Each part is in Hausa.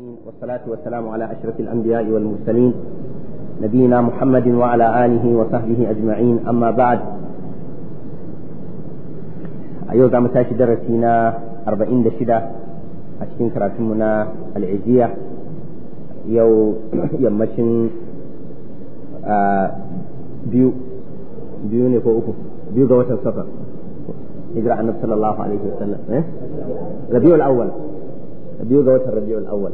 والصلاة والسلام على أشرف الأنبياء والمرسلين نبينا محمد وعلى آله وصحبه أجمعين أما بعد أيوة مساش درسينا أربعين دشدة أشكين كراتمنا العزية يو يمشن آه، بيو بيو نفوكو بيو قوة السفر إجراء النبي صلى الله عليه وسلم إيه؟ ربيع الأول biyu ga watan rabiul awwal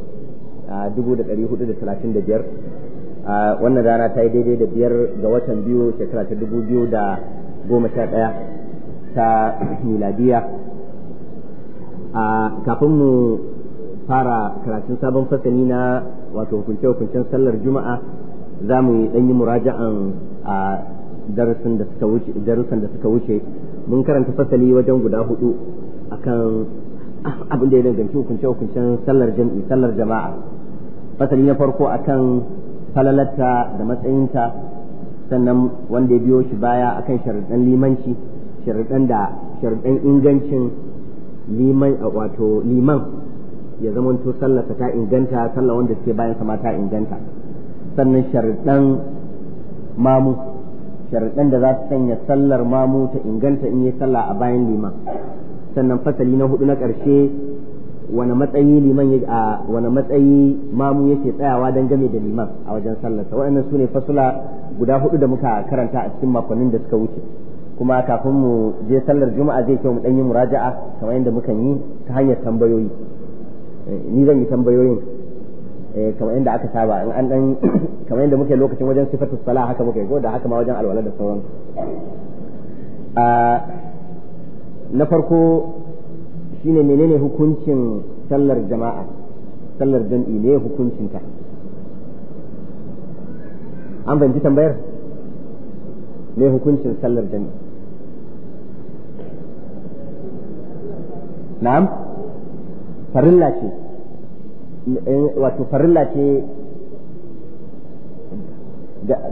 a 1435 a wannan rana ta yi daidai da biyar ga watan biyu shekara ta 2011 ta miladiya a kafin mu fara karatun sabon fasali na wato hukunce-hukuncen sallar juma'a za mu yi ɗanyi muraja'an a darussan da suka wuce mun karanta fasali wajen guda hudu akan abin da ya danganci hukunce hukuncen sallar jam'i sallar jama'a fasali na farko akan falalarta da matsayinta sannan wanda ya biyo shi baya akan sharuɗan limanci sharuɗan da ingancin liman wato liman ya zamanto sallarsa ta inganta sallar wanda suke bayan sama ta inganta sannan sharuɗan mamu sharuɗan da za su sanya sallar mamu ta inganta in yi sallah a bayan liman sannan fasali na hudu na ƙarshe wani matsayi liman ya a wani matsayi mamu yake tsayawa don game da liman a wajen sallarsa waɗannan su ne fasula guda hudu da muka karanta a cikin makonnin da suka wuce kuma kafin mu je sallar juma'a zai kyau mu ɗan yi muraja'a kamar yadda muka yi ta hanyar tambayoyi eh, ni zan yi tambayoyin eh, kamar yadda aka saba in an dan kamar yadda muke lokacin wajen sifatu sala haka muka yi ko da haka ma wajen alwala da sauran ah, na farko shine menene hukuncin sallar jama'a sallar jam'i ne hukuncinta an banji tambayar ne hukuncin sallar jam'i na'am farilla ce eh, wato farilla ce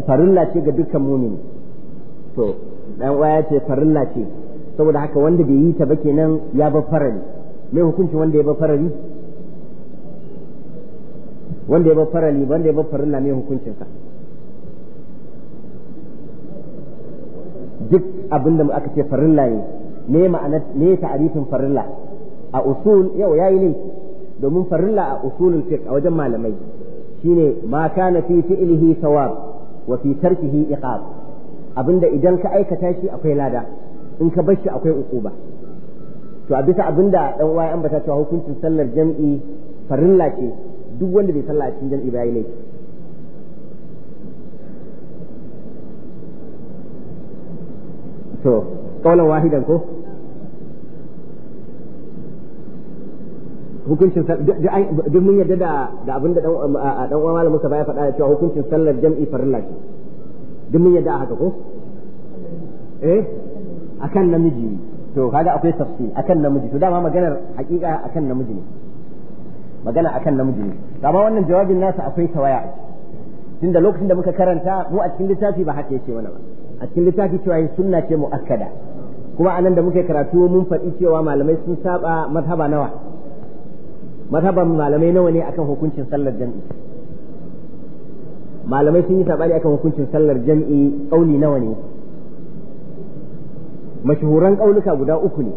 farilla ce ga dukkan mumini to dan waya ce farilla ce saboda haka wanda bai yi ta ba kenan ya bar farari mai hukunci wanda ya bar farari wanda ya bar farari wanda ya bar farilla mai hukuncin ka duk abin da aka ce farilla ne ne ma'anar ne ta'arifin farilla a usul yau yayi ne domin farilla a usulul fiqh a wajen malamai shine ma kana fi fi'lihi thawab wa fi tarkihi iqab abinda idan ka aikata shi akwai lada in ka bar shi akwai uquba to a bisa abinda dan uwa ambata, bata cewa hukuncin sallar jam'i farilla ce duk wanda bai sallah a cikin jam'i ba yayi laifi to kaulan wahidan ko hukuncin duk mun yarda da da abin um, da dan uwa malamin Musa baya faɗa cewa hukuncin sallar jam'i farilla ce duk mun yarda haka ko eh akan namiji to kaga akwai safi akan namiji to dama maganar hakika akan namiji ne magana akan namiji ne dama wannan jawabin nasa akwai tawaya tunda lokacin da muka karanta mu a cikin littafi ba haka yake wani ba a cikin littafi cewa sunna ce muakkada kuma anan da muke karatu mun faɗi cewa malamai sun saba mazhaba nawa mazhaban malamai nawa ne akan hukuncin sallar jami'i malamai sun yi sabani akan hukuncin sallar jami'i kauli nawa ne mashahuran kauluka guda uku ne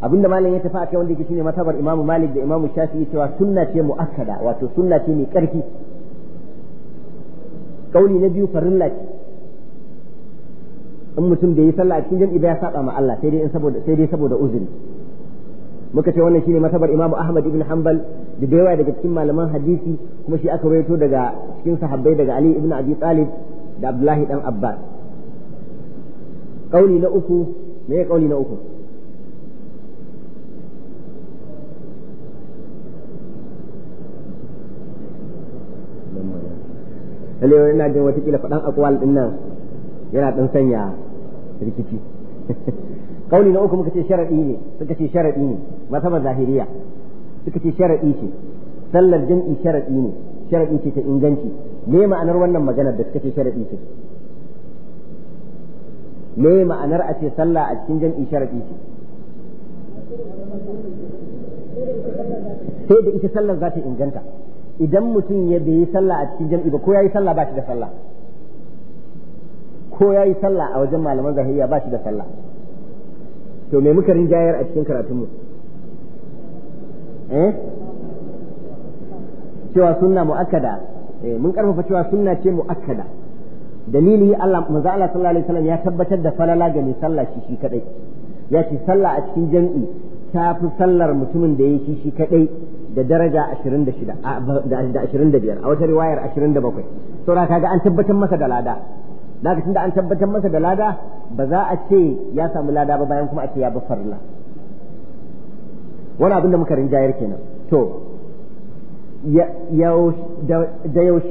abinda malam ya tafi kai wanda yake shine matabar imamu malik da imamu shafi'i cewa sunna ce muakkada wato sunna ce mai ƙarfi kauli na biyu farilla ce in mutum da yi sallah a cikin jam'i ba ya saba ma Allah sai dai in saboda sai dai saboda uzuri muka ce wannan shine matabar imamu ahmad ibn hanbal da da daga cikin malaman hadisi kuma shi aka rawaito daga cikin sahabbai daga ali ibn abi talib da abdullahi dan abbas kauli na uku me ya kauli na uku lalle yana jin watakila faɗan akwal ɗin nan yana ɗan sanya rikici kauli na uku muka ce sharaɗi ne suka ce sharaɗi ne masaba zahiriya suka ce sharaɗi ce sallar jam'i sharaɗi ne sharaɗi ce ta inganci me ma'anar wannan maganar da suka ce sharaɗi ce me ma'anar a ce sallah a cikin jam'i sharadi ce sai da ita sallar za ta inganta idan mutum ya bai sallah a cikin jam'i ba ko ya yi sallah ba shi da sallah ko ya yi sallah a wajen malaman zahiriya ba shi da sallah to me muka rinjayar a cikin karatunmu eh cewa sunna mu'akkada eh mun karfafa cewa sunna ce mu'akkada dalili Allah manzo Allah sallallahu alaihi wasallam ya tabbatar da falala ga mai sallah shi shi kadai ya ce sallah a cikin jami'i ta fi sallar mutumin da yake shi kadai da daraja 26 da 25 a wata riwayar 27 saura kaga an tabbatar masa da lada daga tunda an tabbatar masa da lada ba za a ce ya samu lada ba bayan kuma a ce ya bi farla wani abin da muka rinjayar kenan to da yaushe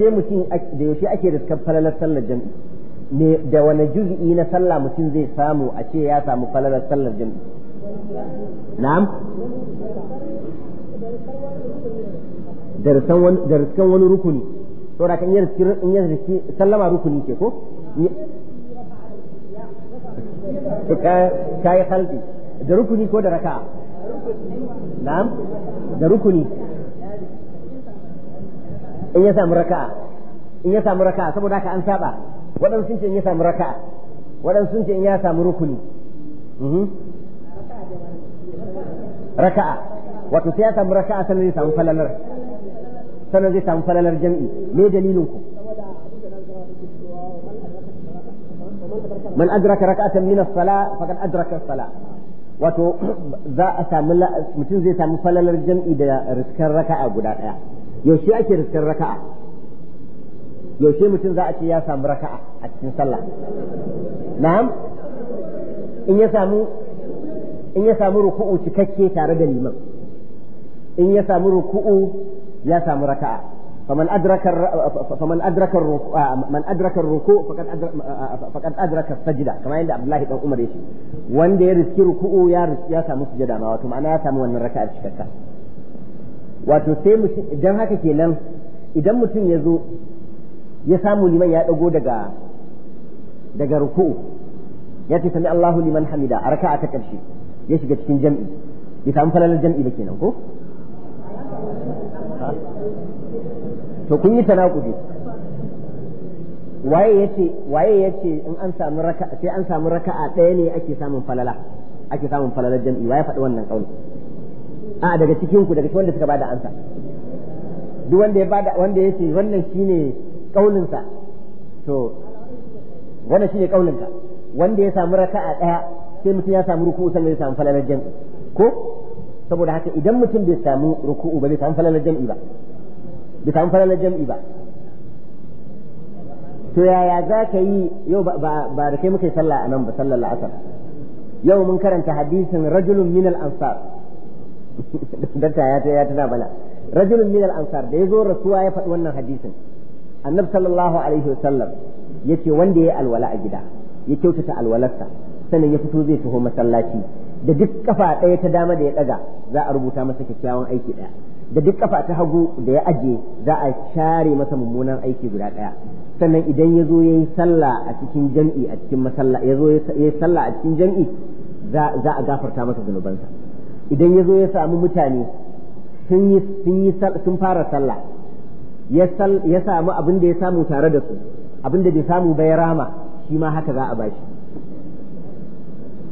mutum da yaushe ake da falalar sallar jami'i ne da wani juz'i na sallah mutum zai samu a ce ya samu falalar sallar jami'i na'am da riskan wani rukuni saboda kan yi riski in yi riski sallama rukuni ke ko ka yi halki da rukuni ko da raka na'am da rukuni in ya samu raka'a in ya samu raka'a saboda haka an saba waɗansu sun ce in ya samu raka'a waɗansu sun ce in ya samu rukuni mhm. raka'a wato sai ya samu raka'a sannan zai samu falalar sannan zai samu falalar jam'i me dalilin ku man adraka raka'atan min as-salah faqad adraka as-salah wato za a samu mutum zai samu falalar jam'i da riskar raka'a guda ɗaya yaushe ake riskar raka'a yaushe mutum za a ce ya samu raka'a a cikin sallah na'am in ya samu in ya samu ruku'u cikakke tare da liman in ya samu ruku'u ya samu raka'a faman adraka faman adraka man adraka ruku faqad faqad adraka sajda kamar yadda Abdullahi dan Umar yake wanda ya riski ruku'u ya ya samu sujada ma wato ma'ana ya samu wannan raka'a cikakka wato sai mutum idan haka kenan idan mutum ya zo ya samu liman ya dago daga daga ruku ya ce sami Allahu liman hamida a raka'a ta karshe ya shiga cikin jam'i ya samu falalar jam'i ba kenan ko to kun yi tanakudi waye yace waye yace in an samu raka'a sai an samu raka'a ɗaya ne ake samun falala ake samun falalar jam'i waye faɗi wannan kauli a daga cikin ku daga wanda suka bada ansa duk wanda ya bada wanda yace wannan shine kaulin sa to wannan shine kaulin ka wanda ya samu raka'a daya sai mutum ya samu ruku'u sai ya samu falalar jami'i ko saboda haka idan mutum bai samu ruku'u ba bai samu falalar jami'i ba bai samu falalar jami'i ba to yaya za ka yi yau ba da kai muka yi sallah a nan ba sallar la'asar yau mun karanta hadisin rajulun minal ansar dakta ya ta ya tana mana rajulun min al-ansar da ya zo rasuwa ya faɗi wannan hadisin annabi sallallahu alaihi wasallam yace wanda yayi alwala a gida ya kyautata alwalarsa sannan ya fito zai taho masallaci da duk kafa ɗaya ta dama da ya ɗaga za a rubuta masa kyakkyawan aiki ɗaya da duk kafa ta hagu da ya aje za a share masa mummunan aiki guda ɗaya sannan idan ya zo ya yi sallah a cikin jam'i a cikin masallaci ya zo sallah a cikin jam'i za a gafarta masa zunubansa idan ya zo ya samu mutane sun fara sallah ya samu abin da ya samu tare da su abin da bai samu bai rama shi ma haka za a bashi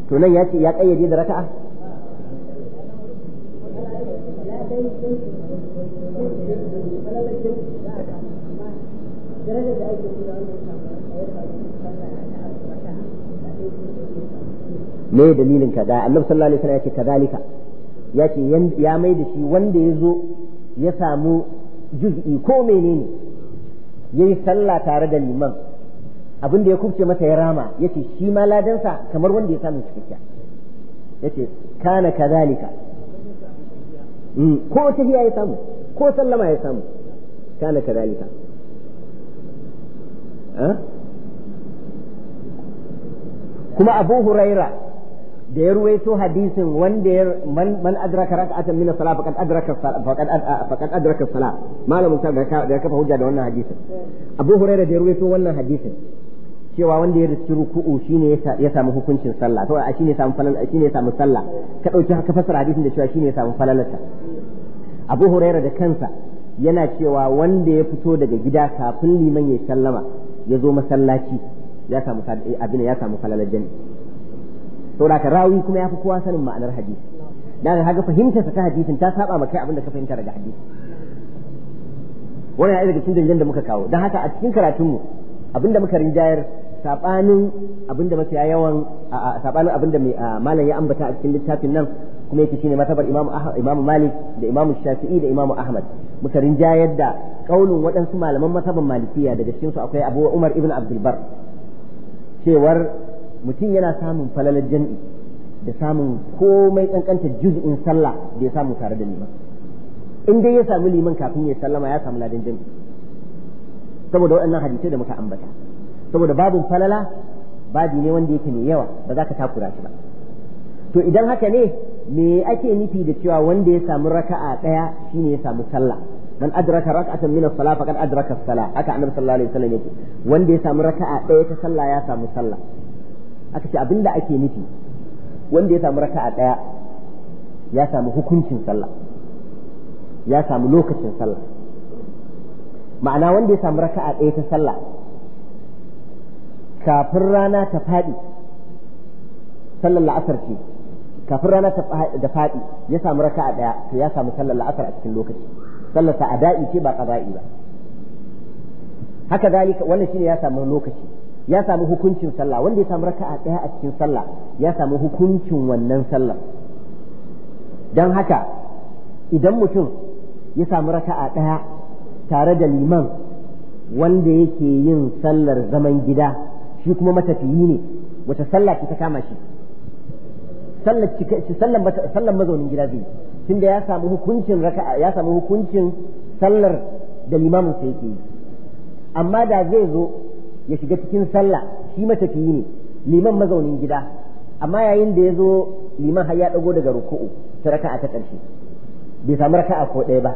to nan ya ce ya kayyade da raka'a me dalilin kaza annabi sallallahu alaihi wasallam ya ce kadalika ya ce ya mai da shi wanda ya zo ya samu juz'i ko menene ya yi sallah tare da liman abin da ya kubce masa ya rama ya ce shi ma ladansa kamar wanda ya samu cikakkiya ya ce kana kazalika mm, ko tahiya ya samu ko sallama ya samu kana kazalika ah? kuma abu huraira da ya ruwaito hadisin wanda ya man adraka raka'atan min as-salat faqad adraka faqad faqad adraka as-salat malamin sa da kafa hujja da wannan hadisin Abu Hurairah da ya ruwaito wannan hadisin cewa wanda ya riski ruku'u shine ya samu hukuncin sallah to a shine samu falala shine ya samu sallah ka dauki haka fasara hadisin da cewa shine ya samu falalata Abu Hurairah da kansa yana cewa wanda ya fito daga gida kafin liman ya sallama ya zo masallaci ya samu abin ya samu falalar saboda ka rawi kuma yafi kowa sanin ma'anar hadisi dan haka fahimtar sa ta hadisin ta saba maka abin da ka fahimta daga hadisi wannan yana daga cikin dalilan da muka kawo dan haka a cikin karatun mu abinda muka rinjayar sabanin abinda mafiya yawan sabanin abinda mai malam ya ambata a cikin littafin nan kuma yake shine matabar imamu imamu malik da imamu shafi'i da imamu ahmad muka rinjayar da kaulin waɗansu malaman matabar malikiya daga cikin su akwai abu umar ibn abdul bar cewar mutum yana samun falalar jam'i da samun komai kankanta juz'in sallah da ya samu tare da liman in dai ya samu liman kafin ya sallama ya samu ladan jam'i saboda waɗannan hadisai da muka ambata saboda babin falala babi ne wanda yake mai yawa ba za ka takura shi ba to idan haka ne me ake nufi da cewa wanda ya samu raka'a ɗaya shine ya samu sallah man adraka rak'atan min as-salah faqad adraka as-salah haka annabi sallallahu alaihi wasallam yake wanda ya samu raka'a ɗaya ta sallah ya samu sallah aka ce abinda ake nufi wanda ya samu raka'a ɗaya ya samu hukuncin sallah ya samu lokacin sallah ma'ana wanda ya samu raka'a ɗaya ta sallah kafin rana ta faɗi sallar la'asar ce kafin rana ta faɗi ya samu raka'a ɗaya to ya samu sallar la'asar a cikin lokaci sallar ta ada'i ce ba qada'i ba haka zalika wannan shine ya samu lokaci ya samu hukuncin sallah wanda ya samu raka'a ɗaya a cikin sallah ya samu hukuncin wannan sallah don haka idan mutum ya samu raka'a ɗaya tare da liman wanda yake yin sallar zaman gida shi kuma matafiyi ne wata sallah ce ta kama shi sallar mazaunin gida zai tunda ya samu hukuncin raka'a ya samu hukuncin sallar da limamin sa yake yi amma da zai zo ya shiga cikin sallah shi matafiyi ne liman mazaunin gida amma yayin da ya zo liman har ya dago daga ruku'u ta raka'a ta ƙarshe bai samu raka'a ko ɗaya ba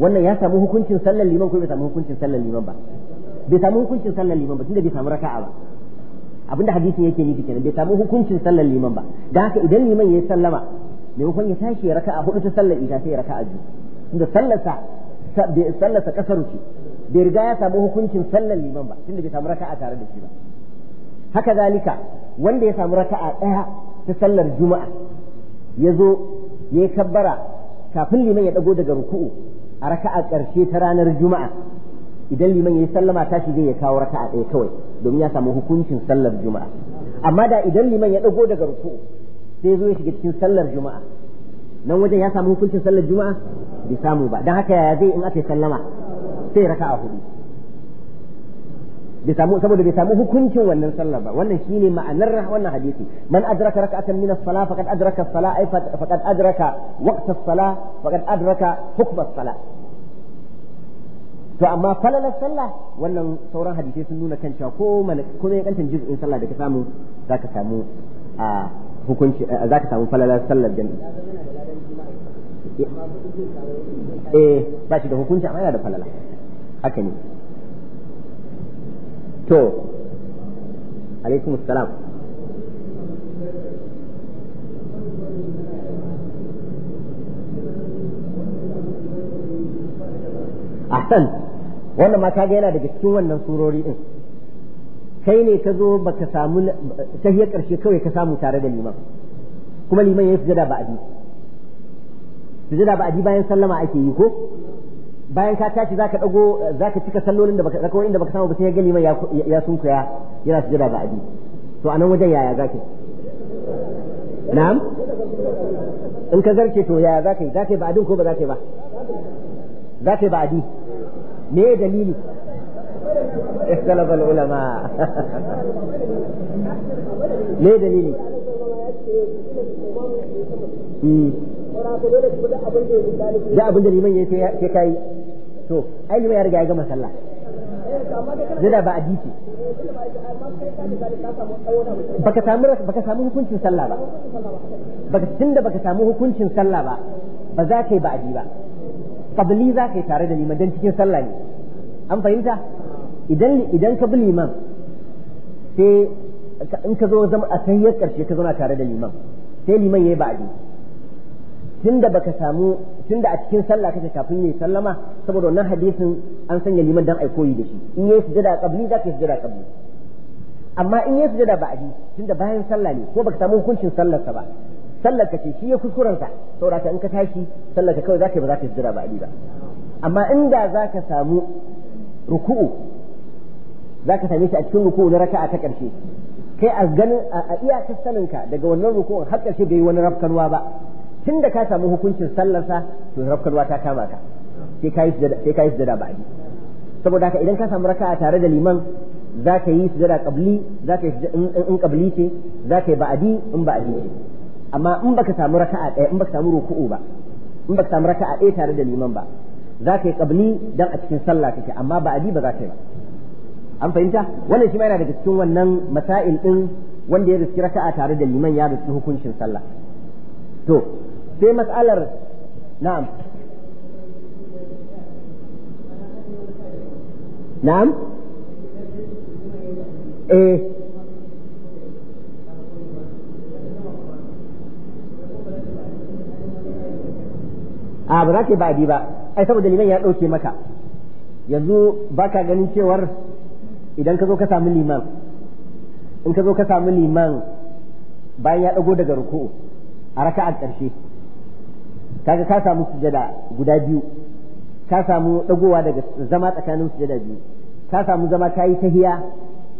wannan ya samu hukuncin sallar liman ko bai samu hukuncin sallar liman ba bai samu hukuncin sallar liman ba tunda bai samu raka'a ba abinda hadisin yake nufi kenan bai samu hukuncin sallar liman ba da haka idan liman ya sallama maimakon ya tashi ya raka'a hudu ta sallar isha sai ya raka'a biyu tunda sallarsa sallarsa kasaru ce bai riga ya samu hukuncin sallar liman ba tunda bai samu raka'a tare da shi ba haka zalika wanda ya samu raka'a ɗaya ta sallar juma'a ya zo ya yi kabbara kafin liman ya ɗago daga ruku'u a raka'a ƙarshe ta ranar juma'a idan liman ya yi sallama tashi zai ya kawo raka'a ɗaya kawai domin ya samu hukuncin sallar juma'a amma da idan liman ya ɗago daga ruku'u sai zo ya shiga cikin sallar juma'a nan wajen ya samu hukuncin sallar juma'a bai samu ba don haka yaya zai in aka sallama sai raka'a hudu bai samu saboda bai samu hukuncin wannan sallar ba wannan shine ma'anar wannan hadisi man adraka rak'atan min as-salah faqad adraka as-salah ay faqad adraka waqt as-salah faqad adraka hukm as-salah to amma falalar sallah wannan sauran hadisai sun nuna kan cewa ko mana ko ne kantan juz'in sallah da ka samu zaka samu a hukunci zaka samu falalar sallar jami'i eh ba shi da hukunci amma yana da falala haka ne to alaikum salam ahsan wannan ma kaga yana daga cikin wannan surori din kai ne ka zo baka samu tahiyar karshe kawai ka samu tare da liman kuma liman ya yi sujada ba'adi sujada ba'adi bayan sallama ake yi ko bayan ka tashi zaka dago zaka cika sallolin da baka rakawoyin da baka samu ba sai ya gani mai ya sunkuya yana sujada ba abi to anan wajen yaya zaka na'am in ka zarce to yaya zaka yi zaka yi ba'adin ko ba zaka yi ba zaka yi ba'adi me ya dalili اختلف ulama me dalili hmm. da abin da liman ya sai kai to ai mai ya riga ya gama sallah zina ba a dike baka samu baka samu hukuncin sallah ba baka tunda baka samu hukuncin sallah ba ba za ka yi ba'adi ba qabli za ka yi tare da liman dan cikin sallah ne an fahimta idan idan ka bi liman sai in ka zo zama a tahiyyar karshe ka zauna tare da liman sai liman yayi ba'adi tunda baka samu tunda a cikin sallah kake kafin yayi sallama saboda wannan hadisin an sanya liman dan ai koyi da shi in yayi sujada qabli za ka sujada qabli amma in yayi sujada ba'di tunda bayan sallah ne ko baka samu hukuncin sallar sa ba sallar ka ce shi ya kuskuren sa saboda in ka tashi sallar ka kawai za ka ba za ka sujada ba'di ba amma inda za ka samu ruku'u za ka same shi a cikin ruku'u na raka'a ta ƙarshe kai a ganin a iyakar saninka daga wannan ruku'un har ƙarshe bai yi wani rafkanwa ba tun da ka samu hukuncin sallarsa to rafkarwa ta kama ka sai ka yi sujada ba yi saboda haka idan ka samu raka'a tare da liman za ka yi sujada kabli za ka yi in kabli ce za ka yi ba'adi in ba'adi ce amma in baka samu raka'a ɗaya in baka samu ruku'u ba in baka samu raka'a ɗaya tare da liman ba za ka yi kabli dan a cikin sallah kake amma ba'adi ba za ka yi ba an fahimta wannan shi ma yana daga cikin wannan masail din wanda ya riski raka'a tare da liman ya riski hukuncin sallah to sai matsalar na'am na'am eh a ba za ka ba ba ai saboda liman ya ɗauke maka yanzu ba ka ganin cewar idan ka zo ka samu liman in ka zo ka samu liman bayan ya ɗago daga ruku'u a raka'ar ƙarshe kaga ka samu sujada guda biyu ka samu dagowa daga zama tsakanin sujada biyu ka samu zama kayi tahiya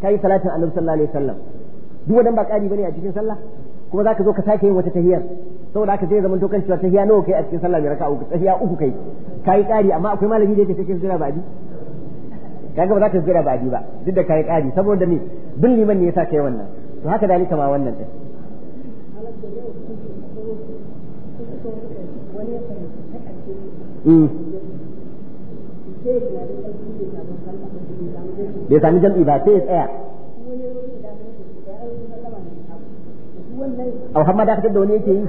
kayi salatin annabi sallallahu alaihi wasallam duk wadan ba kari bane a cikin sallah kuma zaka zo ka sake yin wata tahiyar saboda haka zai zama to kan cewa tahiya nawa kai a cikin sallah mai raka'a uku tahiya uku kai kayi kari amma akwai malami da yake cikin sujada ba bi kaga ba za ka sujada ba bi ba duk da kayi kari saboda me bin liman ne yasa kai wannan to haka dalika ma wannan din Mm. bai sami jam'i ba sai tsaya a hamma da da wani yake yi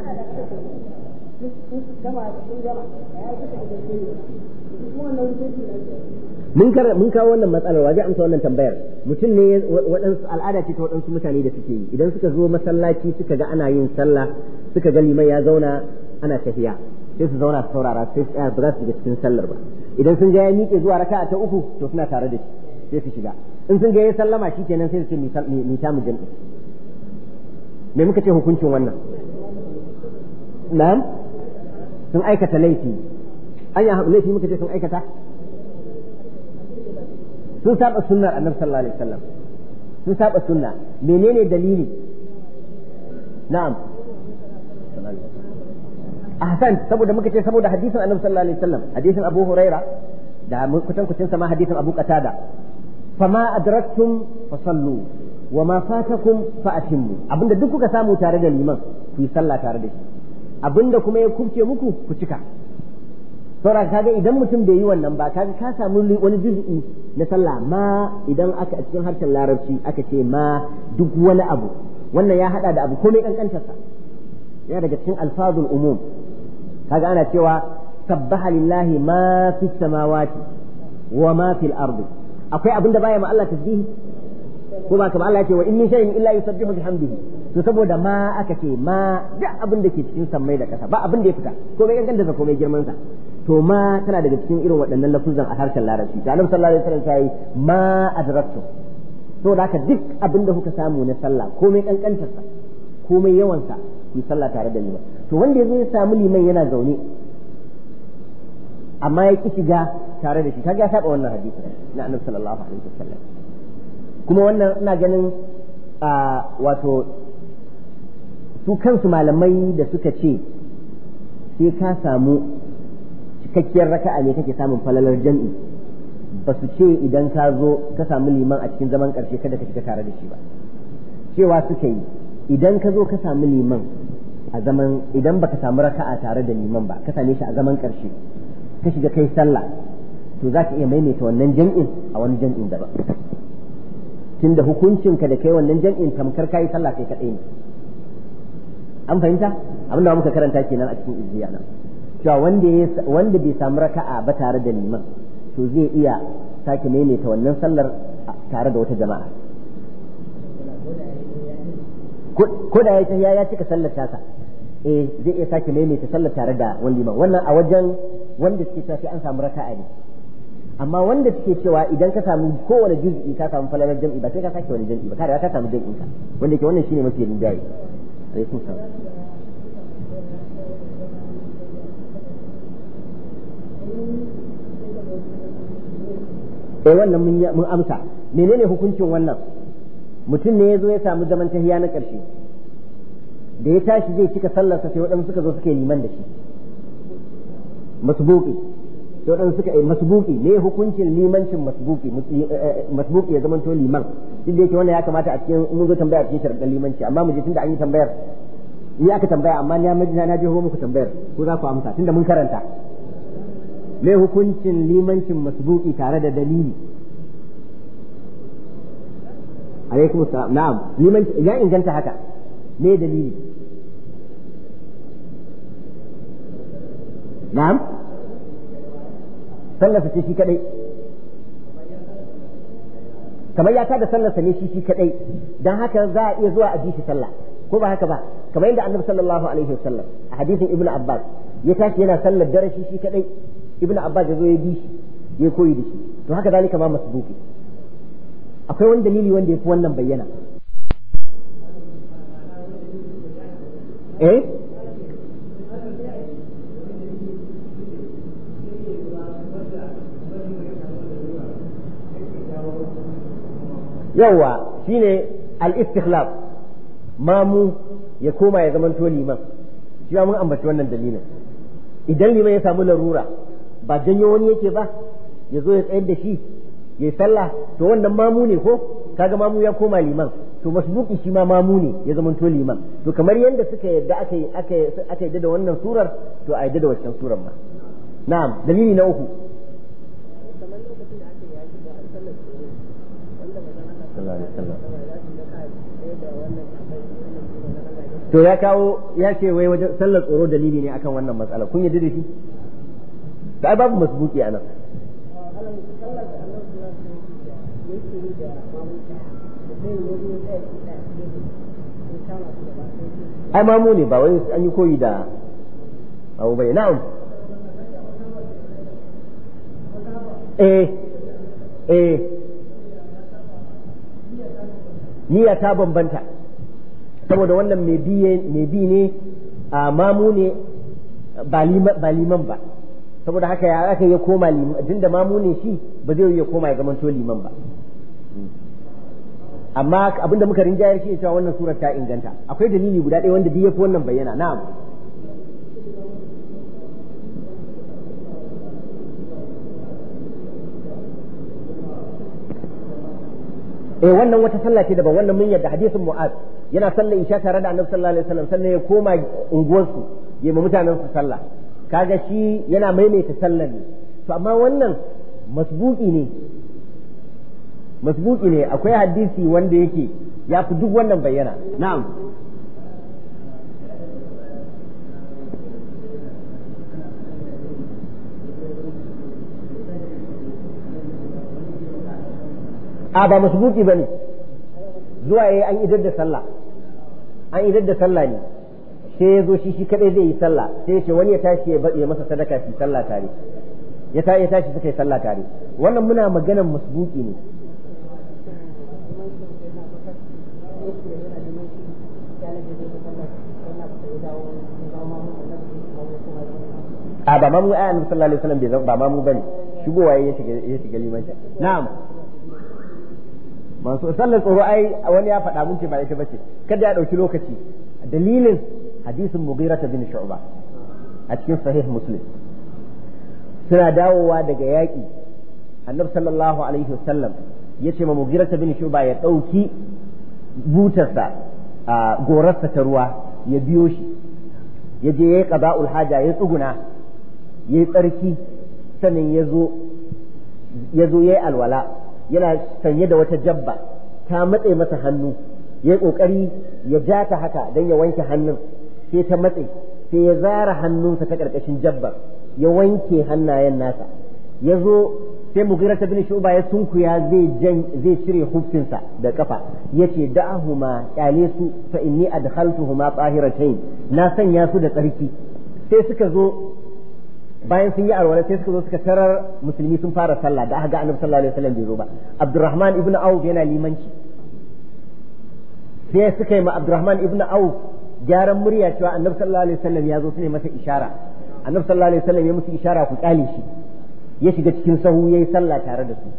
mun kawo wannan matsalar waje amsa wannan tambayar mutum ne waɗansu al'ada ce ta waɗansu mutane da suke yi idan suka zo masallaci suka ga ana yin sallah suka ga liman ya zauna ana tafiya sai su zauna su saurara sai su tsaya ba za su shiga cikin sallar ba idan sun ga ya miƙe zuwa raka ta uku to suna tare da shi sai su shiga in sun ga ya sallama kenan sai su ce mi ta mu jam'i me muka ce hukuncin wannan na'am sun aikata laifi an ya laifi muka ce sun aikata sun saba sunnar annabi sallallahu alaihi wasallam sun saba sunna menene dalili na'am ahsan saboda muka ce saboda hadisin annabi sallallahu alaihi wasallam hadisin abu huraira da kutan kucin sama hadisin abu qatada fama adraktum fasallu wa ma fatakum fa atimmu abinda duk kuka samu tare da liman ku yi sallah tare da shi abinda kuma ya kubce muku ku cika saura kaga idan mutum bai yi wannan ba kaga ka samu wani juz'i na sallah ma idan aka a cikin harshen larabci aka ce ma duk wani abu wannan ya hada da abu komai kankantarsa yana daga cikin alfazul umum kaga ana cewa sabbaha lillahi ma fi samawati wa ma fil ardi akwai abinda baya ma Allah tasbihi ko ba kamar Allah ya ce wa inni min shay'in illa yusabbihu bihamdihi to saboda ma aka ce ma duk abin da ke cikin sammai da ƙasa ba abin da ya fita ko komai kankanta sa komai girman sa to ma tana daga cikin irin waɗannan lafuzan a harshen larabci da annabi sallallahu alaihi wasallam sai ma adraktu to da haka duk abin da kuka samu na sallah komai kankantar sa komai yawan sa ku sallah tare da ni to wanda ya zo ya samu liman yana zaune amma ya ki shiga tare da shi kaga ya saba wannan hadisi na annabi sallallahu alaihi wasallam kuma wannan ina ganin wato su kansu malamai da suka ce sai ka samu cikakkiyar raka'a ne kake samun falalar jam'i ba su ce idan ka zo ka samu liman a cikin zaman karshe kada ka shiga tare da shi ba cewa suka yi idan ka zo ka samu liman a zaman idan baka samu raka'a tare da liman ba ka same shi a zaman karshe ka shiga kai sallah to za ka iya maimaita wannan jam'in a wani jam'in daban tunda ka da kai wannan jam'in tamkar kai sallah kai kadai ne an fahimta abin da muka karanta kenan a cikin izziya nan cewa wanda wanda bai samu raka'a ba tare da liman to zai iya sake maimaita wannan sallar tare da wata jama'a ko da ya ya cika sallar tasa eh zai iya sake maimaita sallar tare da wani ba wannan a wajen wanda suke cewa sai an samu raka'a ne amma wanda suke cewa idan ka samu kowane juz'i ka samu falalar jam'i ba sai ka sake wani jam'i ba kare ka samu jam'in ka wanda ke wannan shine mafi rinjaye kun salam eh wannan mun amsa menene hukuncin wannan mutum ne ya zo ya samu zaman tahiya na ƙarshe da ya tashi zai cika sallarsa sai waɗansu suka zo suka yi liman da shi masbuki sai waɗansu suka yi masbuki ne hukuncin limancin masbuki eh, eh, eh, masbuki ya to liman duk da yake wannan ya kamata a cikin mun zo tambaya a cikin sharaɗin limanci amma mu je tunda an yi tambayar ni aka tambaya amma ni amma na je ho muku tambayar ko za ku amsa tunda mun karanta me hukuncin limancin masbuki tare da dalili alaikum salam na'am limanci ya inganta haka me dalili na'am sallarsa ce shi kadai kamar ya tada sallarsa ne shi shi kadai dan haka za a iya zuwa a ji shi sallah ko ba haka ba kamar yadda annabi sallallahu alaihi wasallam a hadisin ibn abbas ya tashi yana sallar dare shi shi kadai ibnu abbas ya zo ya bi shi ya koyi da shi to haka zalika ma masduki akwai wani dalili wanda ya fi wannan bayyana eh yawa shine al-istikhlaf mamu ya koma ya zamanto liman shi mun ambaci wannan dalilin idan liman ya samu larura ba janyo wani yake ba ya zo ya tsayar da shi ya yi sallah to wannan mamu ne ko kaga mamu ya koma liman to masbuki shi ma mamu ne ya zamanto to liman to kamar yadda suka yadda aka aka aka yadda da wannan surar to a yadda da wannan surar ma na'am dalili na uku sallallahu alaihi wasallam to ya kawo ya ce wai wajen sallar tsoro dalili ne akan wannan matsala kun yadda da shi da yi babu masbuki a nan ai mamu ne ba wai an yi koyi da abu bai na'am eh eh niyya ta bambanta saboda wannan mai bi ne a mamu ne ba liman ba saboda haka ya aka yi koma liman jinda mamu ne shi ba zai iya koma ya zamanto liman ba amma abinda muka rinjayar shi cewa wannan surar ta inganta akwai dalili guda ɗaya wanda duk yafi wannan bayyana na'am eh wannan wata sallah ce daban wannan mun yadda hadisin mu'az yana sallar isha tare da annabi sallallahu alaihi wasallam sannan ya koma unguwarsu ya ma mutanen su sallah kaga shi yana maimaita sallar ne to amma wannan masbuki ne masbuki ne akwai hadisi wanda yake ya fi duk wannan bayyana na'am a ba ba ne zuwa yi an idar da sallah an idar da sallah ne sai ya zo shi shi kadai zai yi sallah sai ya ce wani ya tashi ya masa sadaka shi sallah tare ya ta ya tashi suka yi sallah tare wannan muna maganan masbuki ne a ba ma mu ayyana sallallahu alaihi wasallam bai zama ba ma mu bane shigowa ya shiga ya shiga limanta na'am masu sallar tsoro ai wani ya faɗa mun ce ba ita bace kada ya ɗauki lokaci dalilin hadisin mughira bin shu'ba a cikin sahih muslim suna dawowa daga yaƙi annabi sallallahu alaihi wasallam ya ce ma mughira bin shu'ba ya ɗauki butarsa a gorarsa ta ruwa ya biyo shi ya je ya yi qada'ul haja ya tsuguna ya yi tsarki sannan ya zo ya yi alwala yana sanye da wata jabba ta matse masa hannu ya ƙoƙari ya ja ta haka don ya wanke hannun sai ta matse sai ya zara hannunsa ta ƙarƙashin jabbar ya wanke hannayen nasa ya zo sai mugira ta bin shuba ya sunkuya zai zai cire hufinsa da kafa ya ce da'ahuma kyale su fa inni adkhaltuhuma tahiratayn na sanya su da tsarki sai suka zo bayan sun yi alwala sai suka zo suka tarar musulmi sun fara sallah da aka ga annabi sallallahu alaihi wasallam bai zo ba abdurrahman ibnu auf yana limanci sai suka yi ma abdurrahman ibnu auf gyaran murya cewa annabi sallallahu alaihi wasallam ya zo su ne masa ishara annabi sallallahu alaihi wasallam ya musu ishara ku kyale shi ya shiga cikin sahu yayi sallah tare da su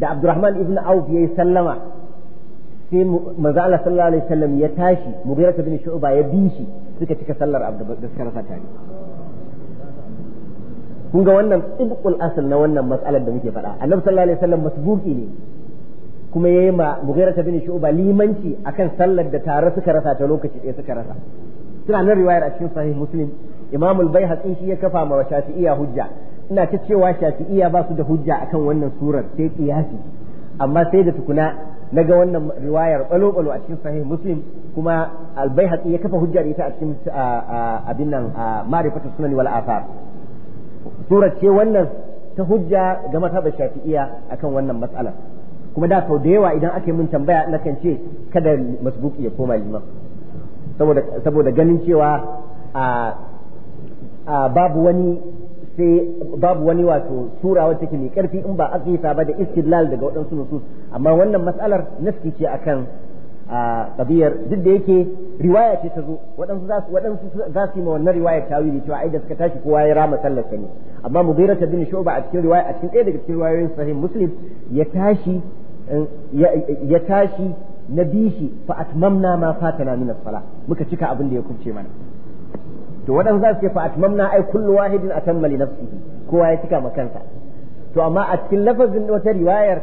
da abdurrahman ibnu auf yayi sallama sai manzo Allah sallallahu alaihi wasallam ya tashi mughirah bin shu'ba ya bi shi suka cika sallar abdu da suka rasa tare kun ga wannan tsibqul asal na wannan mas'alar da muke faɗa annabi sallallahu alaihi wasallam masbuki ne kuma yayi ma mughira bin shu'ba limanci akan sallar da tare suka rasa ta lokaci ɗaya suka rasa suna nan riwayar a cikin sahih muslim imam al-baihaqi shi ya kafa ma shafi'iyya hujja ina ta cewa shafi'iyya ba su da hujja akan wannan surar sai qiyasi amma sai da tukuna na ga wannan riwayar balo balo a cikin sahih muslim kuma al-baihaqi ya kafa hujja da ita a cikin abin nan ma'rifatu sunan wal athar surar ce wannan ta hujja ga mazhabar shafi'iyya akan wannan matsala kuma da sau da yawa idan ake mun tambaya na kan ce kada masbuki ya koma liman saboda saboda ganin cewa a babu wani sai babu wani wato sura wacce take mai karfi in ba aqisa ba da istidlal daga waɗansu nusus amma wannan matsalar naski ce akan a kabiyar duk da yake riwaya ce ta zo waɗansu za su waɗansu za su yi ma wannan riwayar wuri cewa ai da suka tashi kowa ya rama sallar ne amma mu mughira ta bin shoba a cikin riwaya a cikin ɗaya daga cikin riwayoyin sahih muslim ya tashi eh, ya tashi na bishi fa atmamna ma fatana min as sala muka cika abin da ya kunce mana to waɗansu za su ce fa atmamna ai kullu wahidin atamma li nafsihi kowa ya cika ma kansa to amma a cikin lafazin wata riwayar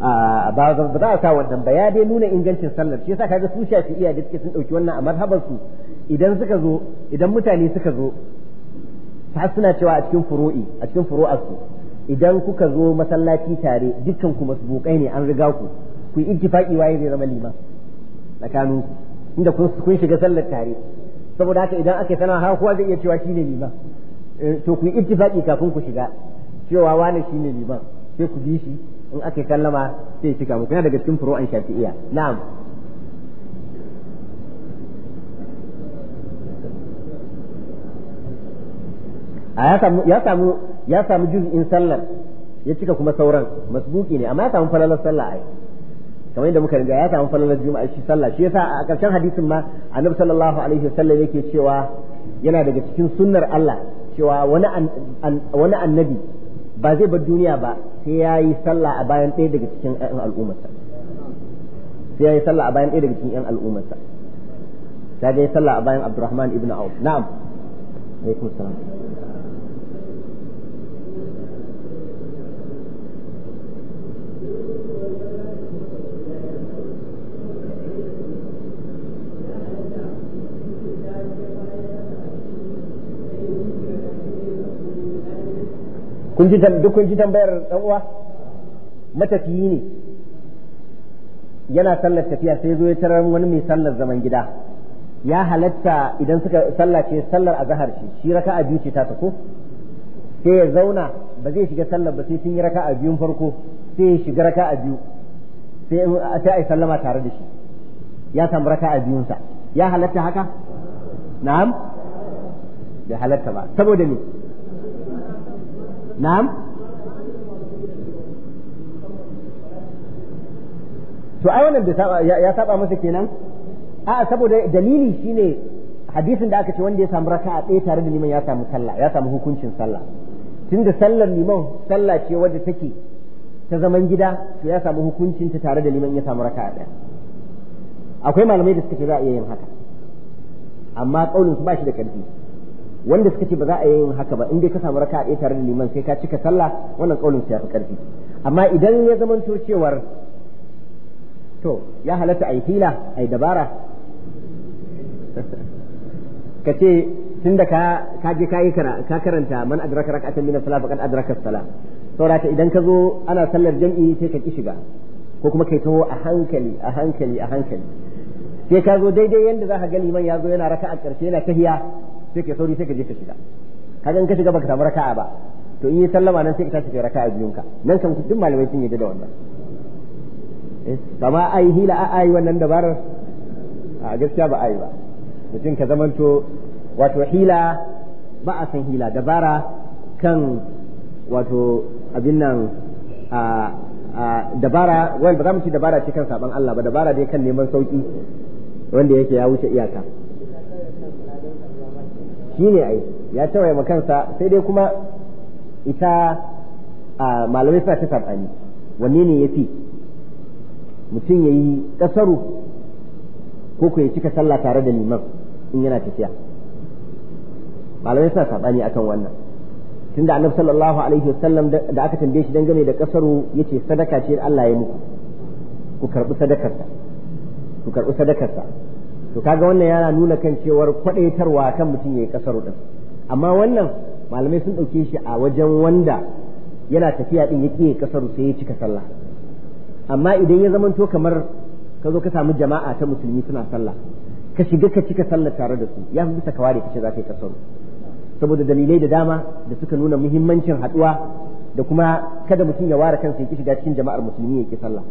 ba za a sa wannan ba ya dai nuna ingancin sallar shi yasa kaga su shafi'iyya da suke sun dauki wannan a madhabar su idan suka zo idan mutane suka zo ta suna cewa a cikin furo’i a cikin furo’arsu idan kuka zo masallaci tare dukkan ku masbuqai ne an riga ku ku ittifaqi waye zai zama liman tsakanin ku inda kun shiga sallar tare saboda haka idan aka sana har kowa zai iya cewa shine liman eh, to ku ittifaqi kafin ku shiga cewa wani shine liman sai ku bi shi in aka sallama sai cika muku yana daga cikin furu'an shafi'iyya na'am a ya samu ya samu ya samu juz'in sallar ya cika kuma sauran masbuki ne amma ya samu falalar sallah ai kamar yadda muka riga ya samu falalar juma'a shi sallah shi yasa a ƙarshen hadisin ma annabi sallallahu alaihi wasallam yake cewa yana daga cikin sunnar Allah cewa wani wani annabi ba zai bar duniya ba sai ya yi sallah a bayan ɗaya daga cikin ƴan al'ummarsa sai ya yi sallah a bayan ɗaya daga cikin ƴan al'ummarsa ta ga yi sallah a bayan Abdurrahman ibn Auf na'am alaikum salam kun ji duk kun ji tambayar dan uwa matafiyi ne yana sallar tafiya sai zo ya tarar wani mai sallar zaman gida ya halatta idan suka sallace sallar azhar ce shi raka'a biyu ce ta ko sai ya zauna ba zai shiga sallar ba sai sun yi raka'a biyun farko sai ya shiga raka'a biyu sai sai ai sallama tare da shi ya samu raka'a biyunsa ya halatta haka na'am bai halatta ba saboda ne na'am to ai wannan ya saba masa kenan a saboda dalili shine hadisin da aka ce wanda ya samu raka'a ɗaya tare da liman ya samu sallah ya samu hukuncin sallah tunda sallar liman sallah ce wadda take ta zaman gida to ya samu hukuncin ta tare da liman ya samu raka'a ɗaya akwai malamai da suka ce za a iya yin haka amma kaulin su ba shi da karfi. wanda suka ce ba za a yi haka ba in dai ka samu raka'a tare da liman sai ka cika sallah wannan kaulin ya fi karfi amma idan ya zamanto cewar to ya halatta a yi hila a yi dabara ka ce tun da ka je ka yi ka karanta man adraka raka'atan min as-salat faqad adraka as-salat saboda idan ka zo ana sallar jam'i sai ka ki shiga ko kuma kai taho a hankali a hankali a hankali sai ka zo daidai yanda za ka ga liman ya zo yana raka'a karshe yana tahiya sai ka sauri sai ka je ka shiga kaga in ka shiga baka samu raka'a ba to in yi sallama nan sai ka tashi kai raka'a biyun ka nan kan duk malamai sun yi da wannan kama eh, ai hila a ai wannan dabarar a gaskiya ba ai ba mutum ka zamanto wato hila ba a san hila dabara kan wato abin nan a dabara wani ba za mu ci dabara ce kan saban Allah ba dabara dai kan neman sauki wanda yake ya wuce iyaka shine ai ya tawaye ma kansa sai dai kuma ita a malamai suna ta sabani wanne ne ya fi mutum ya yi ƙasaru ko ku ya cika sallah tare da liman in yana tafiya malamai suna sabani akan wannan tun da annabi sallallahu alaihi wasallam da aka tambaye shi dangane da ya yace sadaka ce Allah ya muku ku karɓi sadakarsa ku karɓi sadakarsa. to kaga wannan yana nuna kan cewar kwadaitarwa kan mutum yi kasar din amma wannan malamai sun dauke shi a wajen wanda yana tafiya din yake kasar sai ya cika sallah amma idan ya zamanto kamar ka zo ka samu jama'a ta musulmi suna sallah ka shiga ka cika sallah tare da su ya bisa ka ware kace za ka yi saboda dalilai da dama da suka nuna muhimmancin haɗuwa da kuma kada mutum ya ware kansa ya shiga cikin jama'ar musulmi ya ki sallah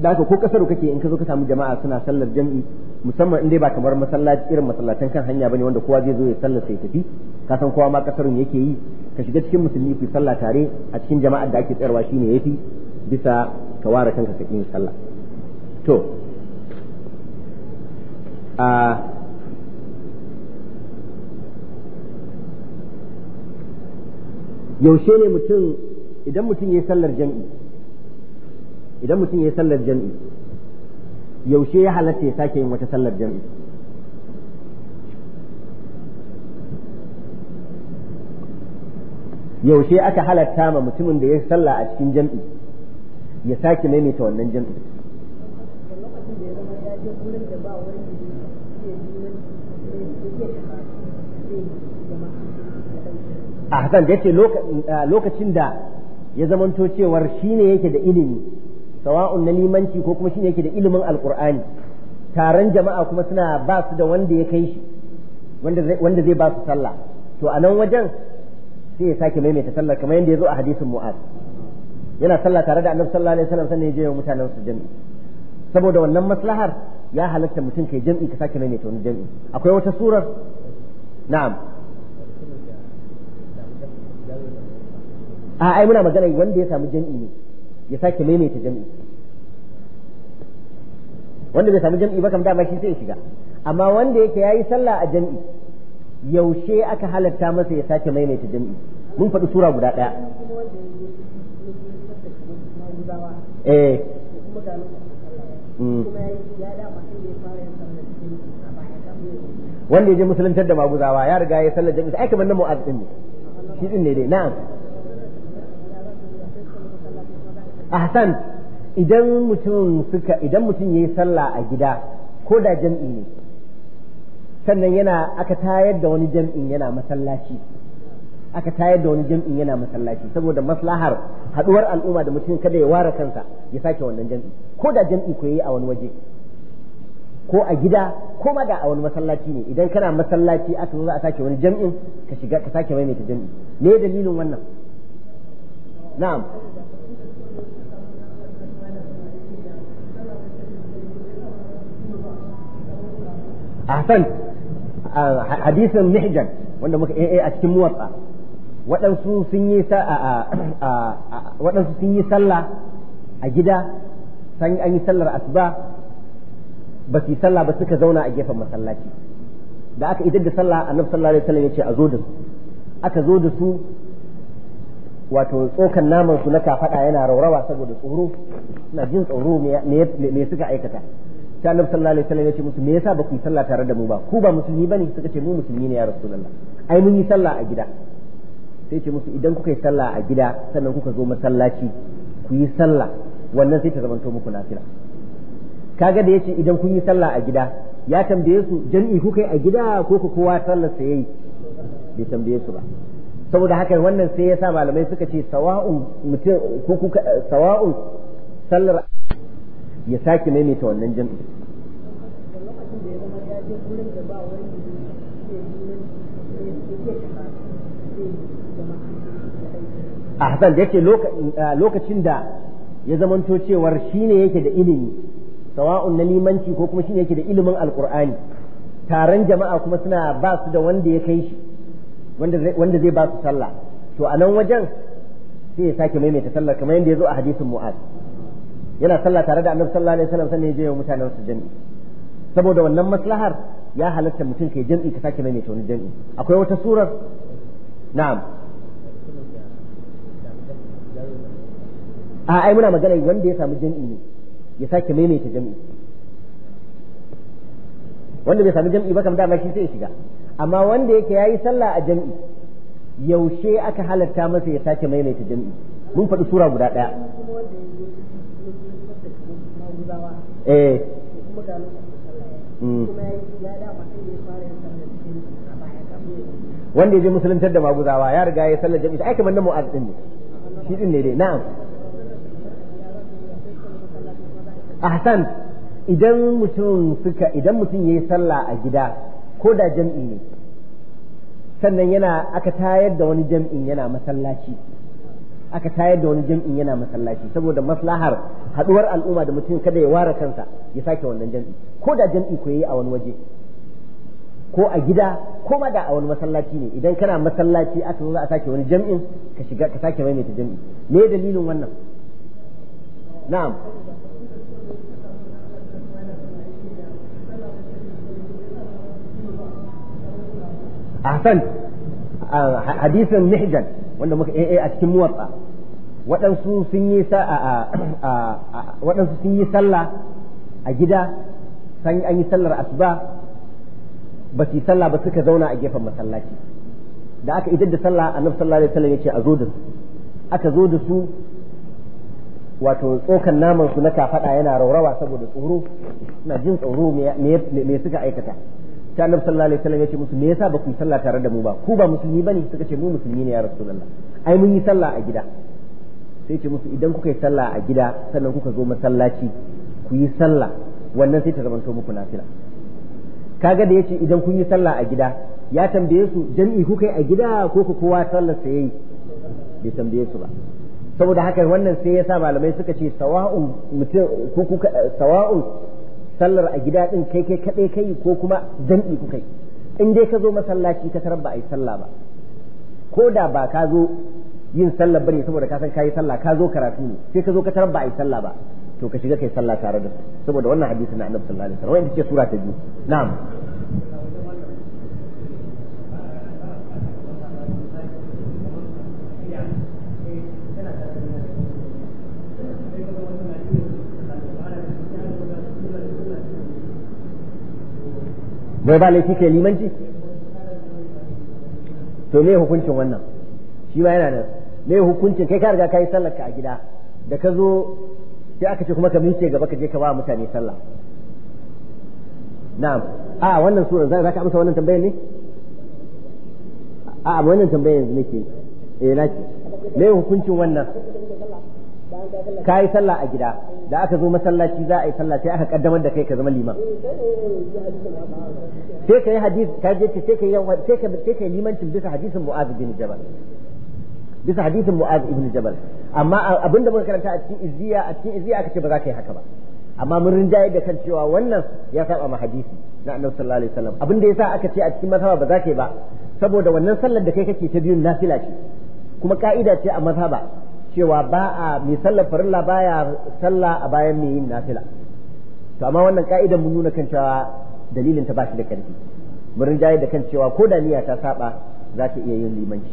da ko kasaru kake in ka zo ka samu jama'a suna sallar jam'i musamman in dai ba kamar masallaci irin masallacin kan hanya bane wanda kowa zai zo ya sallar sai tafi ka san kowa ma kasarun yake yi ka shiga cikin musulmi ku sallah tare a cikin jama'ar da ake tsayarwa shine yafi bisa ka ware kanka ka yi sallah to a yaushe ne mutum idan mutum ya sallar jami'i idan mutum ya sallar jam'i yaushe ya halatta ya sake yin wata sallar jam'i yaushe aka halatta ma mutumin da ya salla a cikin jam'i ya sake maimaita wannan jam'i a hasan da yace lokacin da ya zamanto cewar shine yake da ilimi sawa'un na limanci ko kuma shine yake da ilimin alqur'ani taron jama'a kuma suna ba su da wanda ya kai shi wanda zai ba su sallah to a nan wajen sai ya sake maimaita sallah kamar yadda ya zo a hadisin mu'az yana sallah tare da annabi sallallahu alaihi wasallam sannan ya je wa mutanen su jami'i saboda wannan maslahar ya halatta mutum kai jami'i ka sake maimaita wani jami'i akwai wata surar na'am a ai muna magana wanda ya samu jami'i ne ya sake maimaita jam'i wanda bai samu jam'i ba kam dama shi sai ya shiga amma wanda yake yayi sallah a jam'i yaushe aka halatta masa ya sake maimaita jam'i mun faɗi sura guda ɗaya eh hmm. wanda ya je musuluntar da maguzawa ya riga ya sallar jami'a ai kamar na mu'az din ne shi din ne dai na'am ahsan idan mutum suka idan mutum yayi sallah a gida ko da jam'i ne sannan yana aka tayar da wani jam'in yana masallaci aka tayar da wani jam'in yana masallaci saboda maslahar haduwar al'umma da mutum kada ya ware kansa ya sake wannan jam'i ko da jam'i ko yayi a wani waje ko a gida ko ma da a wani masallaci ne idan kana masallaci aka zo za a sake wani jam'in ka shiga ka sake maimaita jam'i me dalilin wannan na'am ahsan hadisin mihjan wanda muka eh, eh a cikin muwatsa waɗansu sun yi waɗansu sun yi sallah a gida san an yi sallar asuba ba su yi sallah ba suka zauna a gefen masallaci da aka idar da sallah annabi sallallahu alaihi wasallam ya ce a zo da su aka zo da su wato tsokan naman su na kafada yana raurawa saboda tsoro suna jin tsoro me suka aikata sai annabi sallallahu alaihi wasallam ya ce musu me yasa ba ku sallah tare da mu ba ku ba musulmi bane suka ce mu musulmi ne ya rasulullah ai mun yi sallah a gida sai ce musu idan kuka yi sallah a gida sannan kuka zo masallaci ku yi sallah wannan sai ta to muku nafila kaga da yace idan kun yi sallah a gida ya tambaye su jami'i kuka yi a gida ko ku kowa sallar sa yayi bai tambaye su ba saboda haka wannan sai yasa malamai suka ce sawa'un mutum ko kuka sawa'un sallar ya sake maimaita wannan jam'i ahzan da yake eh, lokacin da ya zamanto cewar shine yake da ilimi sawa'un na limanci ko kuma shine yake da ilimin alkur'ani taron jama'a kuma suna ba su da wanda ya kai shi wanda zai ba su sallah to a nan wajen sai ya sake maimaita sallah kamar yadda ya zo a hadisin mu'az yana sallah tare da annabi sallallahu alaihi wasallam sannan ya je wa mutanen su jami'i saboda wannan maslahar ya halatta mutum kai jami'i ka sake maimaita wani jami'i akwai wata surar na'am a ai muna magana wanda ya samu jami'i ne ya sake maimaita jami'i wanda bai samu jami'i ba kam dama shi sai ya shiga amma wanda yake yayi sallah a jami'i yaushe aka halatta masa ya sake maimaita jami'i mun faɗi sura guda ɗaya eh hmm. wanda ya je musuluntar da maguzawa ya riga ya sallar jami'a ai kamar na mu'az din ne shi din ne dai na'am ahsan idan mutum suka idan mutum yayi sallah a gida ko da jami'i ne sannan yana aka tayar da wani jami'in yana masallaci aka tayar da wani jam'in yana masallaci saboda maslahar haduwar al'umma da mutum kada ya ware kansa ya sake wannan jam'i ko da jam'i ko yayi a wani waje ko a gida ko ma da a wani masallaci ne idan kana masallaci aka zo za a sake wani jam'in ka shiga ka sake maimaita jam'i me dalilin wannan na'am ahsan ah, hadisin mihjan wanda muka eh, eh, a cikin muwatsa. waɗansu sun yi waɗansu sun yi sallah a gida san an yi sallar asuba ba su yi sallah ba suka zauna a gefen masallaci da aka idan da sallah annabi sallallahu alaihi wasallam yace a zo da su aka zo da su wato tsokan naman su na kafada yana raurawa saboda tsoro suna jin tsoro me suka aikata ta annabi sallallahu alaihi wasallam yace musu me yasa ba ku yi sallah tare da mu ba ku ba musulmi bane suka ce mu musulmi ne ya rasulullah ai mun yi sallah a gida sai ce musu idan kuka yi sallah a gida sannan kuka zo masallaci ku yi sallah wannan sai ta zamanto muku nafila kaga da yace idan kun yi sallah a gida ya tambaye su jami'i kuka yi a gida ko ku kowa sallar sa yayi bai tambaye su ba saboda haka wannan sai yasa malamai suka ce sawa'un mutum ko kuka sawa'un sallar a gida din kai kai kadai kai ko kuma jam'i kuka yi in dai ka zo masallaci ka tarar ba a yi sallah ba ko da ba ka zo yin sallah bane saboda ka san kayi sallah ka zo karatu ne sai ka zo ka tarar ba a yi sallah ba to ka shiga kai sallah tare da su saboda wannan hadisi na annabi sallallahu alaihi wasallam wanda ce sura ta biyu na'am bai ba laifi kai limanci to me hukuncin wannan shi ba yana da me hukuncin kai ka riga kai sallar ka a gida da ka zo sai aka ce kuma ka mince gaba ka je ka ba mutane sallah na'am a wannan sura za ka amsa wannan tambayar ne a wannan tambayar yanzu nake eh nake me hukuncin wannan ka yi sallah a gida da aka zo masallaci za a yi sallah sai aka kaddamar da kai ka zama liman sai ka yi hadis ka je ka sai ka yi limancin bisa hadisin mu'adh bin jabal bisa hadisin mu'az ibn jabal amma abinda muka karanta a cikin izziya a cikin izziya aka ce ba za ka yi haka ba amma mun rinjaye da kan cewa wannan ya saba ma hadisi na annabi sallallahu alaihi wasallam abin yasa aka ce a cikin mazhaba ba za ka yi ba saboda wannan sallar da kai kake ta biyun nafila ce kuma ka'ida ce a mazhaba cewa ba a mai sallar farilla baya sallah a bayan mai yin nafila to amma wannan ka'idan mun nuna kan cewa dalilin ta ba shi da karfi mun rinjaye da kan cewa ko da niyya ta saba za ta iya yin limanci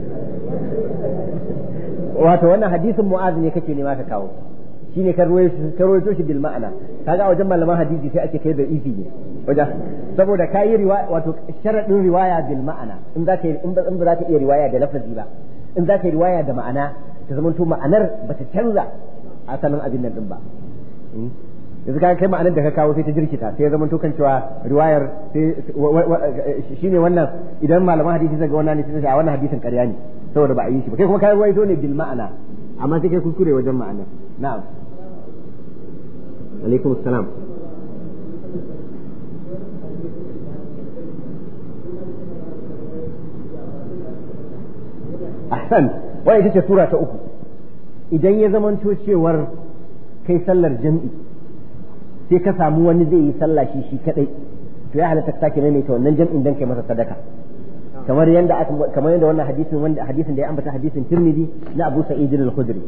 wato wannan hadisin mu'az ne kake nema ka kawo shine ka rawaito shi bil ma'ana kaga wajen malaman hadisi sai ake kai da ifi ne wajen saboda ka yi riwaya wato sharadin riwaya bil ma'ana in za ka in ba za ka iya riwaya da lafazi ba in za ka yi riwaya da ma'ana ta zama to ma'anar ba ta canza asalin abin nan din ba hmm? yanzu ka kai ma'anar da ka kawo sai ta jirkita sai ya zama to kan cewa riwayar sai shine wannan idan malaman hadisi suka ga wannan ne sai a wannan hadisin ƙarya ne saboda ba a yi shi ba kai kuma kai ruwaito ne bil ma'ana amma sai kai kuskure wajen ma'ana na'am alaikum assalam ahsan wannan ita ce sura ta uku idan ya zamanto cewar kai sallar jam'i sai ka samu wani zai yi sallah shi shi kadai to ya halatta ka sake ta wannan jam'in dan kai masa sadaka kamar yanda kamar yanda wannan hadisin wanda hadisin da ya ambata hadisin Tirmidhi na Abu Sa'id al-Khudri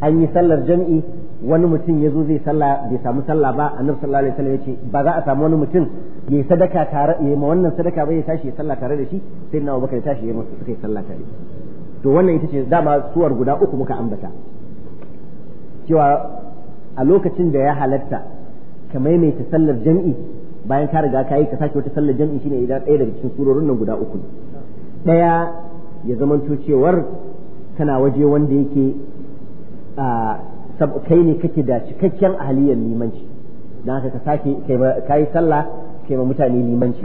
an yi sallar jami'i wani mutum ya zo zai salla bai samu salla ba annabi sallallahu alaihi wasallam ya ce ba za a samu wani mutum ya yi sadaka tare ya ma wannan sadaka ba ya tashi ya salla tare da shi sai na Abubakar ya tashi ya musu suka yi sallah tare to wannan ita ce dama suwar guda uku muka ambata cewa a lokacin da ya halatta ka maimaita sallar jami'i bayan ka riga ka yi ka sake wata sallar jam'i shine idan ɗaya daga cikin surorin nan guda uku ɗaya ya zamanto cewar kana waje wanda yake kai ne kake da cikakken ahaliyar limanci don haka ka sake ka yi sallah kai ma mutane limanci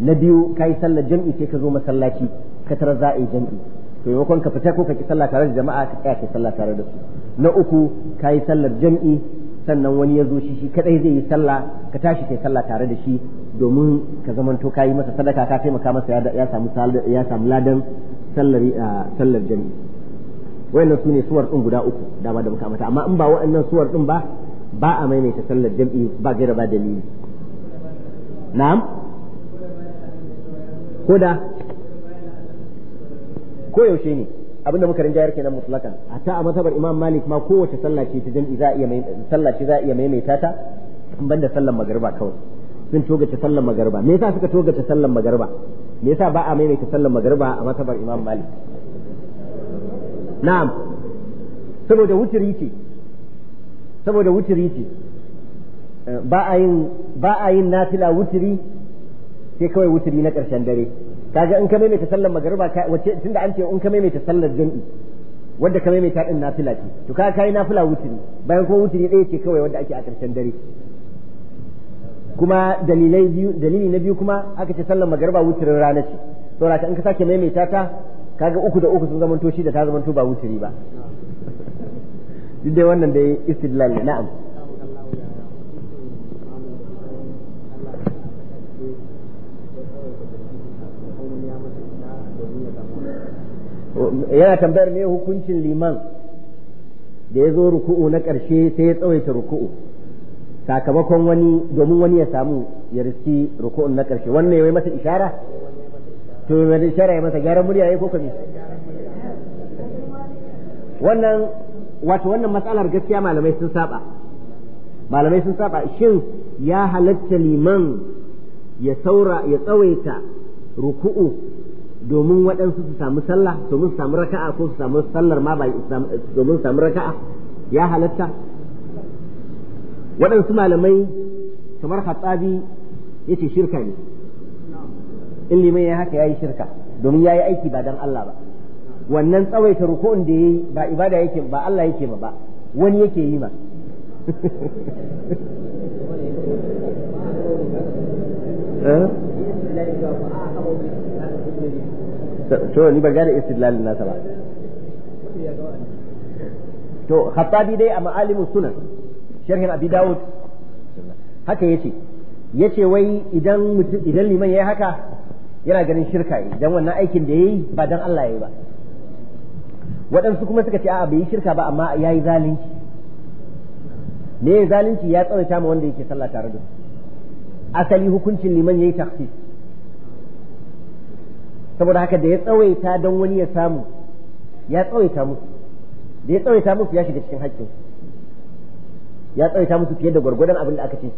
na biyu ka yi sallar jam'i sai ka zo masallaci ka tara za a yi jam'i to yawan ka fita ko ka ki sallah tare da jama'a ka tsaya ka sallah tare da su na uku ka yi sallar jam'i sannan wani ya zo shi shi kadai zai yi sallah ka tashi kai sallah tare da shi domin ka zamanto ka yi masa sadaka ka taimaka masa ya samu ya samu ladan sallar ah, sallar jami'i wayannan sune suwar din guda uku da ba da muka mata amma in ba wayannan suwar din ba ba a maimaita sallar jami'i ba gaira ba dalili na'am koda ko yaushe ne abin da muka rinjayar kenan mutlakan hatta a masabar imam malik ma kowace sallah ce ta jami'i za iya sallah ce za iya maimaita ta banda sallar magariba kawai sun togace sallar magariba me yasa suka togace sallar magariba me yasa ba a maimaita sallar magariba a masabar imam malik na'am saboda wuturi ce saboda wuturi ce eh, ba a yin ba a yin nafila wuturi sai kawai wuturi na ƙarshen dare kaga in ka maimaita sallar magariba ka wace tunda an ce in ka maimaita sallar jami'i wanda ka maimaita din nafila ce to kaga kai nafila wuturi bayan kuma wuturi ɗaya ce kawai wanda ake a ƙarshen dare kuma dalilai biyu dalili na biyu kuma aka ce sallar magariba wuturin rana ce saboda in ka sake maimaita ta kaga uku da uku sun zamanto shi da ta zamanto ba wuturi ba duk dai wannan dai istidlal na'am yana tambayar me hukuncin liman da ya zo ruku'u na ƙarshe sai ya tsawaita ruku'u sakamakon wani domin wani ya samu ya riski ruku'un na ƙarshe wannan yayi masa ishara to yayi ishara ya masa gyaran murya yayi ko kame wannan wato wannan matsalar gaskiya malamai sun saba malamai sun saba shin ya halatta liman ya saura ya tsawaita ruku'u domin waɗansu su samu sallah domin su samu raka'a ko su samu sallar ma ba domin su samu raka'a ya halatta waɗansu malamai kamar hatsabi ya ce shirka ne in liman ya haka ya yi shirka domin ya yi aiki ba don Allah ba wannan tsawaita ruku'un da ya yi ba ibada yake ba Allah yake ba ba wani yake yi ma eh to ni ban gane istidlalin nasa ba to khattabi dai a ma'alimu sunan sharhin abi dawud haka yace yace wai idan idan liman yayi haka yana ganin shirka yi dan wannan aikin da yayi ba dan Allah yayi ba waɗansu kuma suka ce a'a bai yi shirka ba amma yayi zalunci me zalunci ya tsawaita ma wanda yake sallah tare da asali hukuncin liman yayi takhsis saboda haka da ya tsawaita don wani ya samu ya tsawaita musu da ya tsawaita musu ya shiga cikin hakkin ya tsawaita musu fiye da gwargwadon abin da aka ce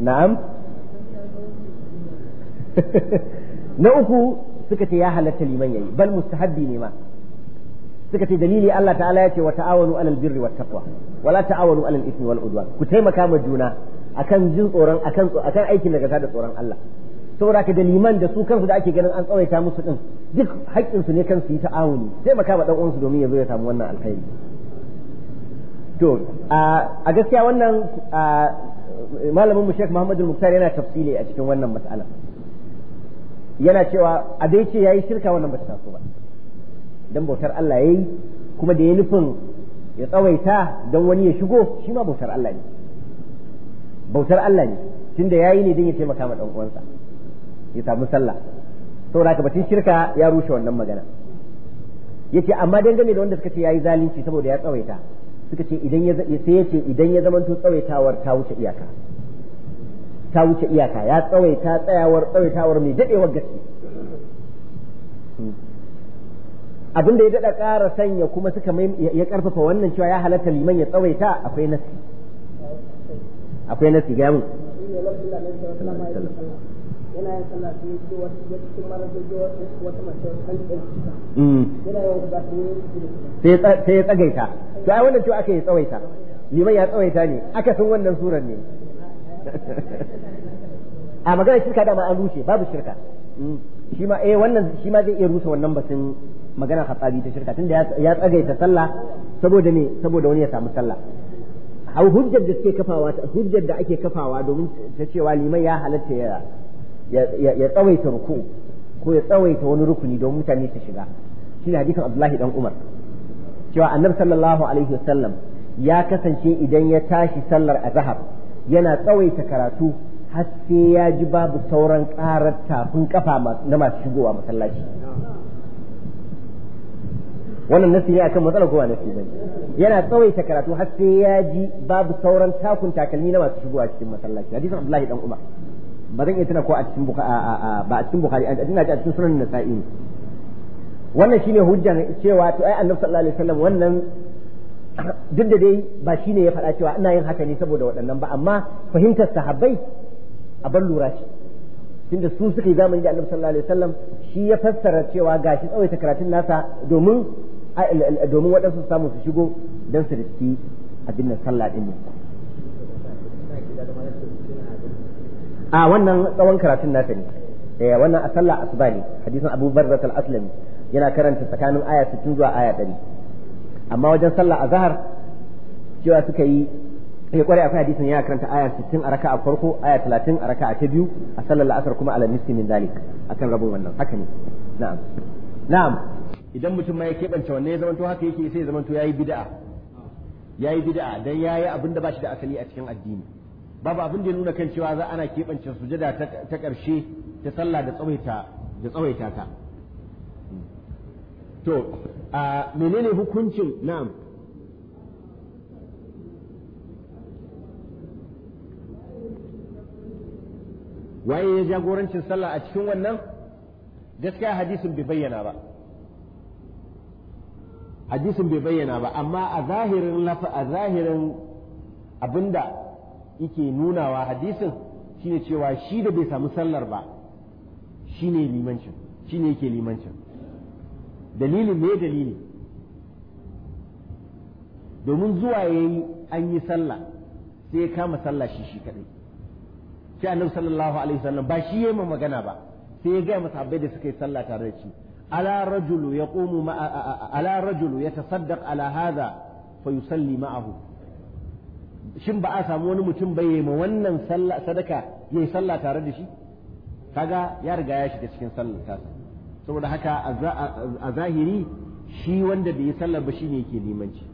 na'am na uku suka ce ya halatta liman yayi bal mustahabbi ne ma suka ce dalili Allah ta'ala ya ce wa ta'awanu alal birri wat taqwa wala ta'awanu alal ismi wal udwan ku taimaka ma juna akan jin tsoron akan akan aikin nagarta da tsoron Allah saboda ka da liman da su kansu da ake ganin an tsawaita musu din duk haƙƙin su ne kansu yi ta'awuni sai maka ba dan uwansu domin ya zo ya samu wannan alkhairi to a gaskiya wannan malamin mu Sheikh Muhammadu Muktar yana tafsili a cikin wannan mas'ala yana cewa a dai ce yayi shirka wannan bata taso ba dan bautar Allah yayi kuma da ya nufin ya tsawaita dan wani ya shigo shi ma bautar Allah ne bautar Allah ne tunda yayi ne don ya taimaka ma dan uwansa ya samu sallah saboda haka batun shirka ya rushe wannan magana yace amma dangane da wanda suka ce yayi zalunci saboda ya tsawaita suka ce idan ya sai yace idan ya zamanto tsawaitawar ta wuce iyaka ta wuce iyaka ya tsawaita tsayawar tsawaitawar mai dadewar gaske abin da ya dada ƙara sanya kuma suka ya karfafa wannan cewa ya halatta liman ya tsawaita akwai nasi akwai nasi ga mu yana hmm. sai ya cikin yana yawan sai sai ya tsagaita to ai wannan cewa aka yi tsawaita liman ya tsawaita ne aka san wannan surar ne a magana shirka dama an rushe babu shirka hmm. shi ma eh wannan shi ma zai iya rusa wannan batun magana hatsabi ta shirka tunda ya tsagaita sallah saboda ne saboda wani ya samu sallah a hujjar da suke kafawa hujjar da ake kafawa domin ta cewa liman ya halatta ya ya tsawaita ruku ko ya tsawaita wani rukuni don mutane su shiga shine hadisin Abdullahi dan Umar cewa annabi sallallahu alaihi wasallam ya kasance idan ya tashi sallar azhar yana tsawaita karatu har sai ya ji babu sauran karar tafin kafa na masu shigowa masallaci wannan nasi ne akan matsalar kowa nasi bane yana tsawaita karatu har sai ya ji babu sauran takun takalmi na masu shigowa cikin masallaci hadisin Abdullahi dan Umar ba zan iya tuna ko a cikin Bukhari ba a cikin Bukhari a ina ji a cikin sunan Nasa'i wannan shine hujjar cewa to ai Annabi sallallahu alaihi wasallam wannan duk da dai ba shine ya faɗa cewa ina yin haka ne saboda waɗannan ba amma fahimtar sahabbai a ban lura shi tunda su suka yi zamani da Annabi sallallahu alaihi wasallam shi ya fassara cewa gashi tsawaita karatun nasa domin domin waɗansu samu su shigo don su riski abin nan sallah ɗin ne a wannan tsawon karatun nata ne eh wannan a sallah asuba ne hadisin Abu Barzah aslami yana karanta tsakanin aya 60 zuwa aya 100 amma wajen sallah a zahar cewa suka yi ya eh, kware akwai hadisin yana karanta aya 60 a a farko aya 30 a a ta biyu a sallar la'asar kuma ala nisfi min zalik akan rabin wannan haka ne na'am na'am idan mutum ma ya keɓance wannan ya zamanto haka yake sai ya zamanto yayi bid'a yayi bid'a dan yayi abin da bashi da asali a cikin addini babu abin da ya nuna kan cewa za ana keɓance sujada ta ƙarshe ta sallah da tsawaita da tsawaita ta to a menene hukuncin na'am waye ya jagorancin sallah a cikin wannan gaskiya hadisin bai bayyana ba hadisin bai bayyana ba amma a zahirin a zahirin abinda yake nunawa hadisin shine cewa shi da bai samu sallar ba shine limancin shine yake limancin dalilin me dalili domin zuwa yayi an yi sallah sai ya kama sallah shi shi kadai sai annabi sallallahu alaihi wasallam ba shi yayi magana ba sai ya ga masahabbai da suka yi sallah tare da shi ala رجل يقوم مع ala رجل يتصدق على هذا فيصلي ma'ahu shin ba a samu wani mutum bai ma wannan sallah sadaka yayi sallah tare da shi kaga ya riga ya shiga cikin sallar tasa saboda haka a zahiri shi wanda bai yi sallar ba shine yake limanci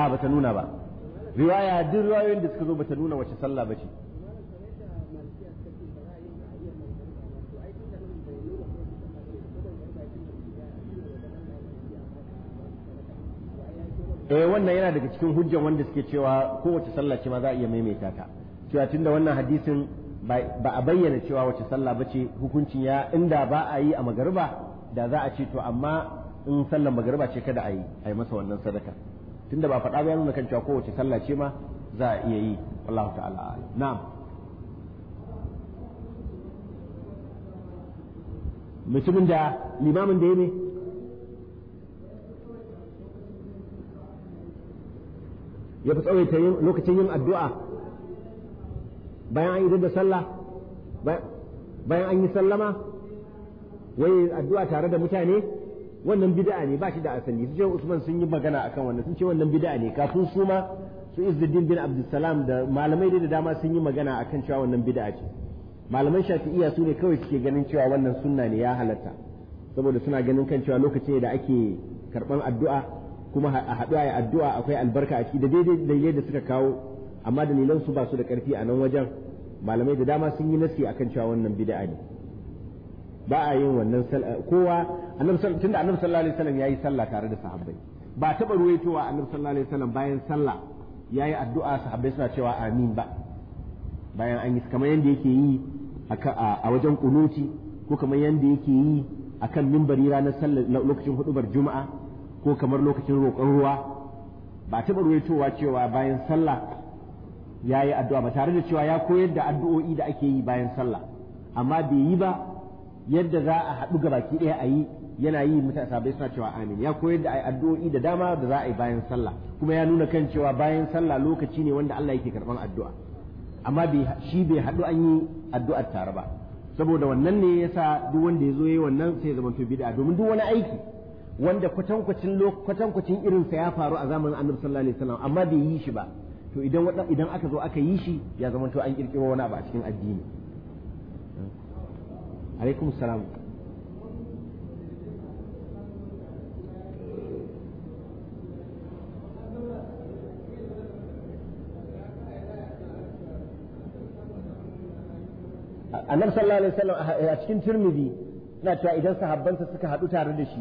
a ta nuna ba riwaya duk riwayoyin da suka zo ba ta nuna wace sallah ba ce eh wannan yana daga cikin hujjan wanda suke cewa kowace sallah ce ma za a iya maimaita ta cewa tunda wannan hadisin ba a bayyana cewa wace sallah bace hukuncin ya inda ba a yi a magariba da za a ce to amma in sallar magariba ce kada a yi a yi masa wannan sadaka tunda ba faɗa ba ya nuna kan cewa kowace sallah ce ma za a iya yi Allahu ta'ala na'am mutumin da limamin da ya ya fi tsawaita lokacin yin addu'a bayan an yi da sallah bayan an yi sallama wai addu'a tare da mutane wannan bid'a ne ba shi da asali su ce Usman sun yi magana akan wannan sun ce wannan bid'a ne kafin su ma su Izzuddin bin Abdulsalam da malamai da dama sun yi magana akan cewa wannan bid'a ce malaman Shafi'iyya su ne kawai suke ganin cewa wannan sunna ne ya halatta saboda suna ganin kan cewa lokacin da ake karban addu'a kuma a haɗu a addu'a akwai albarka a ciki da daidai da suka kawo amma dalilan su ba su da ƙarfi a nan wajen malamai da dama sun yi nasi akan cewa wannan bid'a ne ba a yin wannan eh, kowa tunda annabi sallallahu alaihi wasallam yayi sallah tare da sahabbai ba taɓa ruwaitowa annabi sallallahu alaihi wasallam bayan sallah yayi addu'a sahabbai suna cewa amin ba bayan an yi kamar yadda yake yi a wajen kunuti ko kamar yadda yake yi akan mimbari ranar sallar lokacin hudubar juma'a ko kamar lokacin roƙon ruwa ba taɓa ruwaitowa cewa bayan sallah ya yi addu'a ba tare da cewa ya koyar da addu'o'i da ake yi bayan sallah amma bai yi ba yadda za a haɗu ga baki ɗaya a yi yana yi mutane sabai suna cewa amin ya koyar da addu'o'i da dama da za a yi bayan sallah kuma ya nuna kan cewa bayan sallah lokaci ne wanda Allah yake karɓan addu'a amma shi bai haɗu an yi addu'ar tare ba saboda wannan ne yasa duk wanda ya zo yi wannan sai ya zama to bid'a domin duk wani aiki wanda kwatankwacin kwatankwacin irin sa ya faru a zamanin annabi sallallahu alaihi wasallam amma bai yi shi ba to idan idan aka zo aka yi shi ya zama to an kirkiro wani abu a cikin addini alaikum salam annabi sallallahu alaihi wasallam a cikin tirmidhi na cewa idan sahabbansa suka haɗu tare da shi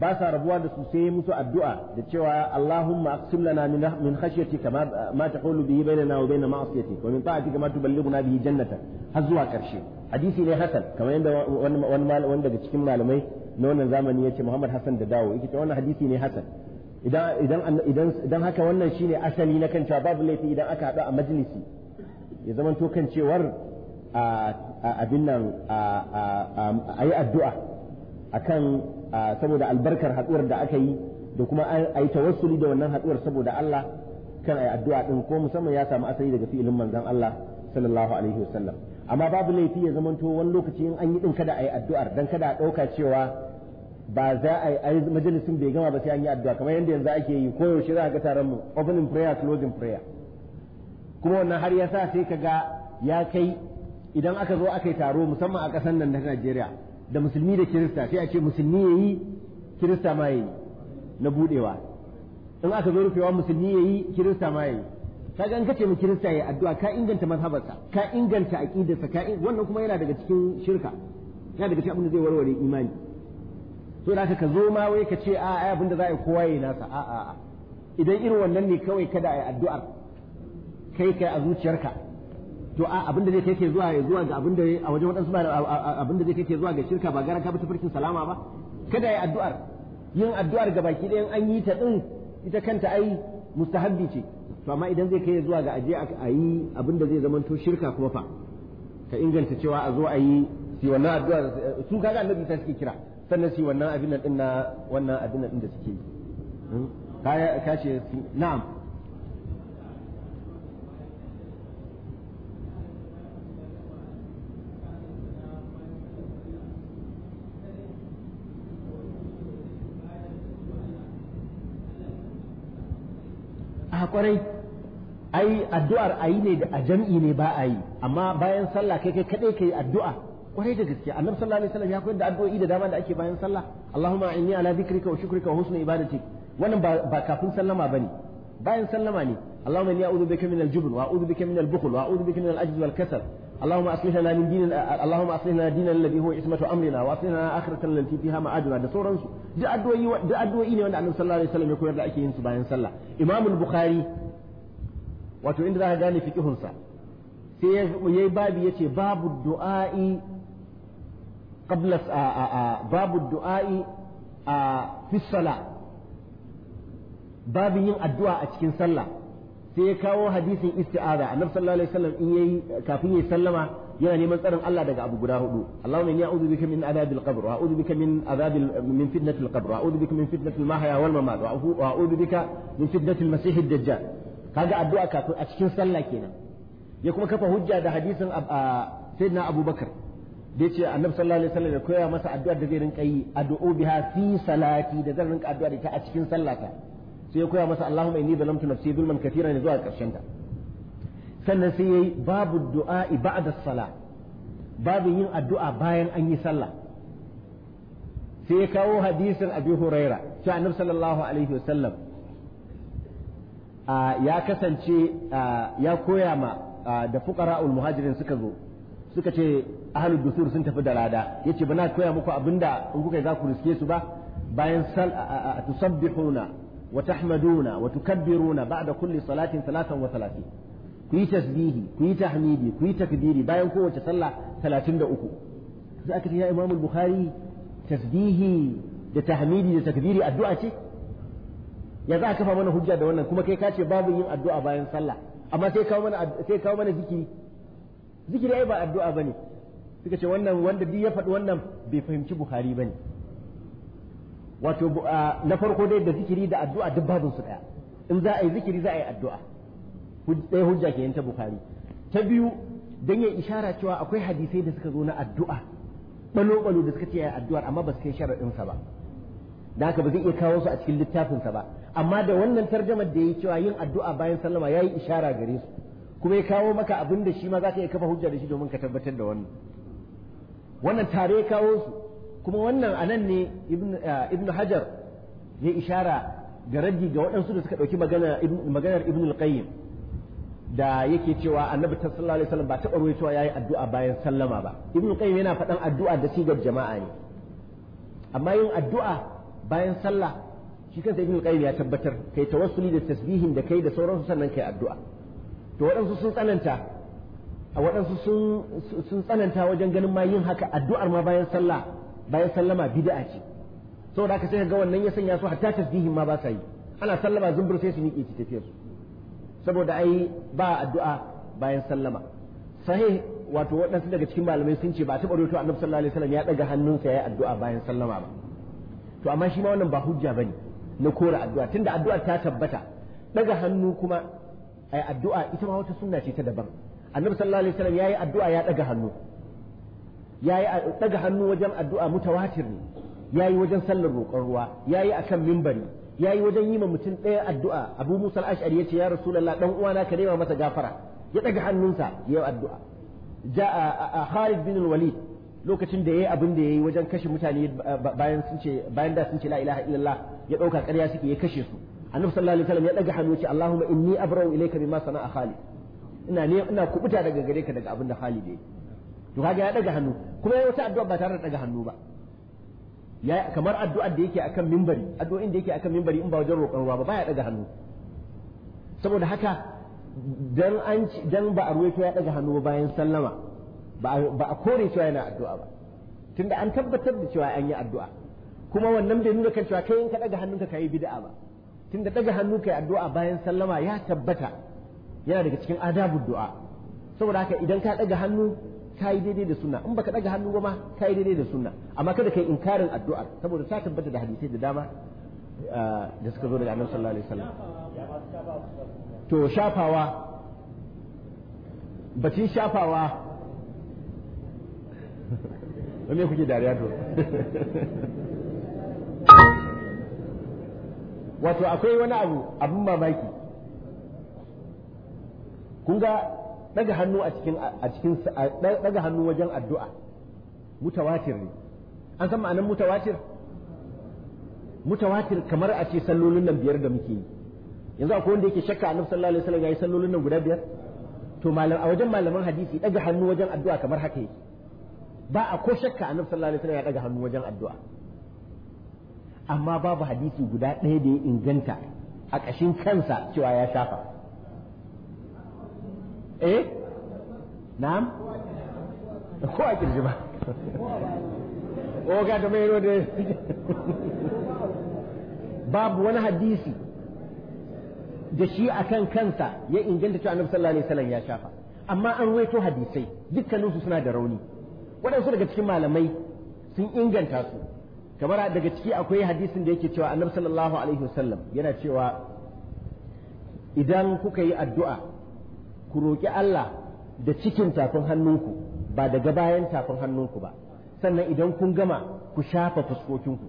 ba sa rabuwa da su sai yi musu addu'a da cewa Allahumma aqsim lana min khashyati kama ma tahulu bihi bainana wa bain ma'asiyatik wa min ta'atika ma tuballighuna bihi jannata har zuwa karshe hadisi ne hasan kamar yadda wani wani daga cikin malamai na wannan zamani yace Muhammad Hassan da dawo yake cewa wannan hadisi ne hasan idan idan idan idan haka wannan shine asali na kan cewa babu laifi idan aka hadu a majalisi ya zamanto kan cewar a abin nan a yi addu'a akan saboda albarkar haduwar da aka yi da kuma a yi tawassuli da wannan haduwar saboda Allah kan yi addu'a din ko musamman ya samu asali daga fi'ilin manzon Allah sallallahu alaihi wasallam amma babu laifi ya zamanto wani lokaci in an yi din kada yi addu'ar dan kada a ɗauka cewa ba za a yi majalisin bai gama ba sai an yi addu'a kamar yadda yanzu ake yi koyaushe za a ga taron mu opening prayer closing prayer kuma wannan har ya sa sai ka ga ya kai idan aka zo aka yi taro musamman a ƙasar nan na Najeriya da musulmi da kirista sai a ce musulmi ya yi kirista ma yi na budewa in aka zo rufewa musulmi ya yi kirista ma yi kaga in kace mu kirista yayi addu'a ka inganta mazhabarsa ka inganta aqidarsa ka wannan kuma yana daga cikin shirka yana daga cikin abin da zai warware imani to da ka zo ma wai ka ce a ai abin da za a yi kowa yayi nasa a a idan irin wannan ne kawai kada a yi addu'ar kai kai a zuciyarka to a abin da zai kai zuwa zuwa ga abin da a wajen wadansu ba da zai kai zuwa ga shirka ba gara ka bi tafarkin salama ba kada yi addu'ar yin addu'ar ga baki ɗayan an yi ta din ita kanta ai mustahabbi ce to amma idan zai kai zuwa ga aje a yi abin da zai to shirka kuma fa ka inganta cewa a zo a yi si wannan addu'ar su kaga annabi ta suke kira sannan si wannan abin nan din na wannan abin nan din da suke yi hmm? ka ce na'am kwarai ai addu'ar ayi ne da a jam'i ne ba a yi amma bayan sallah kai kai kadai kai addu'a kwarai da gaske annabi sallallahu alaihi wasallam ya koyar da addu'o'i da dama da ake bayan sallah allahumma inni ala dhikrika wa shukrika wa husni ibadatik wannan ba kafin sallama bane bayan sallama ne allahumma inni a'udhu bika min al-jubn wa a'udhu bika min al-bukhl wa a'udhu bika min al-ajz wal kasal اللهم أصلح لنا من دين اللهم أصلح لنا ديننا الذي هو عصمة أمرنا وأصلح لنا آخرتنا التي فيها معادنا ده سوران سو ده أدوية ده أدوية إني وأنا صلى الله عليه وسلم يكون يرجع أكيد سبحان الله صلى إمام البخاري wato inda za ka gane fikihunsa sai ya yi babi ya ce babu du'a'i qabla babu du'a'i a fi sala babin yin addu'a a cikin sallah sai ya kawo hadisin isti'aza annabi sallallahu alaihi wasallam in yayi kafin ya sallama yana neman tsaron Allah daga abu guda hudu Allahumma inni a'udhu bika min adhabil qabr wa a'udhu bika min adhabil min fitnatil qabr wa a'udhu bika min fitnatil mahya wal mamat wa a'udhu bika min fitnatil masiihid dajjal kaga addu'a kafin a cikin sallah kenan ya kuma kafa hujja da hadisin sayyidina abubakar da yace annabi sallallahu alaihi wasallam ya koya masa addu'a da zai rinka yi addu'u biha fi salati da zan rinka addu'a da ita a cikin sallata sai ya koya masa Allahumma inni zalamtu nafsi zulman katira ne zuwa karshen ta sannan sai yayi babu du'a ba'da sala babu yin addu'a bayan an yi sallah sai ya kawo hadisin Abi Huraira cewa Annabi sallallahu alaihi wasallam ya kasance ya koya ma da fuqara'ul muhajirin suka zo suka ce ahlud dusur sun tafi da lada yace bana koya muku abinda in kuka za ku riske su ba bayan sal tusabbihuna وتحمدون وتكبرون بعد كل صلاة ثلاثا وثلاثين كي تسبيه كي تحميدي كي تكبيري باين كو وتصلى ثلاثين دقوكو ذاك يا إمام البخاري تسبيه da tahmidi da takbiri addu'a ce ya za a kafa mana hujja da wannan kuma kai ka ce babu yin addu'a bayan sallah amma sai kawo mana sai kawo mana zikiri zikiri ai ba addu'a bane suka ce wannan wanda duk ya faɗi wannan bai fahimci bukhari bane wato na farko dai da zikiri da addu'a duk babin su daya in za a yi zikiri za a yi addu'a ɗaya hujja ke ta bukari ta biyu dan ya ishara cewa akwai hadisai da suka zo na addu'a balo-balo da suka ce ya addu'ar amma ba su kai sharaɗinsa ba da haka ba zai iya kawo su a cikin littafinsa ba amma da wannan tarjamar da ya cewa yin addu'a bayan sallama ya yi ishara gare su kuma ya kawo maka abin da shi ma za ka iya kafa hujja da shi domin ka tabbatar da wannan wannan tare ya kawo su kuma wannan anan ne ibnu hajar ya ishara ga raddi ga waɗansu da suka ɗauki maganar ibnu qayyim da yake cewa annabi ta sallallahu alaihi wasallam ba taɓa cewa yayi addu'a bayan sallama ba ibnu qayyim yana faɗan addu'a da sigar jama'a ne amma yin addu'a bayan sallah shi kansa ibnu qayyim ya tabbatar kai tawassuli da tasbihin da kai da sauransu sannan kai addu'a to waɗansu sun tsananta a waɗansu sun tsananta wajen ganin ma yin haka addu'ar ma bayan sallah bayan sallama bid'a ce saboda haka sai ga wannan ya sanya su hatta tasbihin ma ba sa yi ana sallama zumbur sai su miƙe ci tafiyar su saboda ai ba addu'a bayan sallama sahih wato waɗansu daga cikin malamai sun ce ba taɓa rawaito annabi sallallahu alaihi wasallam ya ɗaga hannunsa yi addu'a bayan sallama ba to amma shi ma wannan ba hujja bane na kora addu'a tunda addu'a ta tabbata ɗaga hannu kuma ai addu'a ita ma wata sunna ce ta daban annabi sallallahu alaihi wasallam yi addu'a ya ɗaga hannu yayi daga hannu wajen addu'a mutawatir ne yayi wajen sallar roƙon ruwa yayi kan mimbari yayi wajen yi ma mutum ɗaya addu'a Abu Musa al-Ash'ari yace ya Rasulullah dan uwana ka nema masa gafara ya daga hannunsa yayi addu'a ja'a Khalid bin al-Walid lokacin da yayi abin da yayi wajen kashe mutane bayan sun ce bayan da sun ce la ilaha illallah ya ɗauka ƙarya suke ya kashe su Annabi sallallahu alaihi wasallam ya daga hannu yace Allahumma inni abra'u ilayka bima sana'a Khalid ina ne ina kubuta daga gare ka daga abin da Khalid yayi to kaga ya daga hannu kuma yayi wata addu'a ba tare da daga hannu ba ya kamar addu'ar da yake akan mimbari addu'o'in da yake akan mimbari in ba wajen roƙon ruwa ba baya daga hannu saboda haka dan an dan ba a ruwaito ya daga hannu bayan sallama ba a kore cewa yana addu'a ba tunda an tabbatar da cewa an yi addu'a kuma wannan bai nuna kan cewa kai in ka daga hannunka kai bid'a ba tunda daga hannu kai addu'a bayan sallama ya tabbata yana daga cikin adabu du'a saboda haka idan ka daga hannu kai daidai da sunna in baka daga hannu ba ma kai daidai da sunna amma kada kai inkarin addu'ar saboda ta tabbata da hadisai da dama ah, da suka zo daga annabi sallallahu alaihi wasallam to shafawa bacin shafawa me kuke dariya to wato akwai wani abu abin mamaki kun ga daga hannu a cikin a cikin daga hannu wajen addu'a mutawatir ne an san ma'anar mutawatir mutawatir kamar a ce sallolin nan biyar da muke yi yanzu akwai wanda yake shakka annabi sallallahu alaihi wasallam yayi sallolin nan guda biyar to malam a wajen malaman hadisi daga hannu wajen addu'a kamar haka yake ba a ko shakka annabi sallallahu alaihi wasallam ya daga hannu wajen addu'a amma babu hadisi guda ɗaya da ya inganta a ƙashin kansa cewa ya shafa eh na'am ko a kirji ba o ga da mai da babu wani hadisi da shi akan kansa ya inganta cewa annabi sallallahu alaihi wasallam ya shafa amma an ruwaito hadisai dukkaninsu suna da rauni waɗansu daga cikin malamai sun inganta su kamar daga ciki akwai hadisin da yake cewa annabi sallallahu alaihi wasallam yana cewa idan kuka yi addu'a ku roƙi Allah da cikin tafin hannunku ba daga bayan tafin hannunku ba sannan idan kun gama ku shafa fuskokinku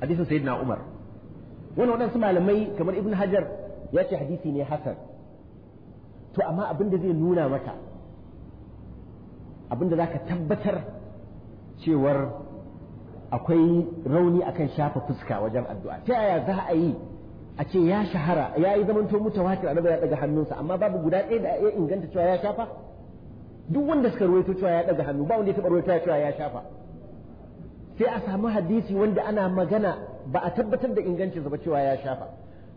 hadisin na Umar wani waɗansu malamai kamar Ibn Hajar ya ce hadisi ne hasan to amma abin da zai nuna mata abin da za ka tabbatar cewar akwai rauni akan shafa fuska wajen addu'a ta yaya za a yi a ce ya shahara ya yi zamanto mutawatir annabi ya daga hannunsa amma babu guda ɗaya da ya inganta cewa ya shafa duk wanda suka ruwaito cewa ya daga hannu ba wanda ya taɓa ruwaito cewa ya shafa sai a samu hadisi wanda ana magana ba a tabbatar da ingancinsa ba cewa ya shafa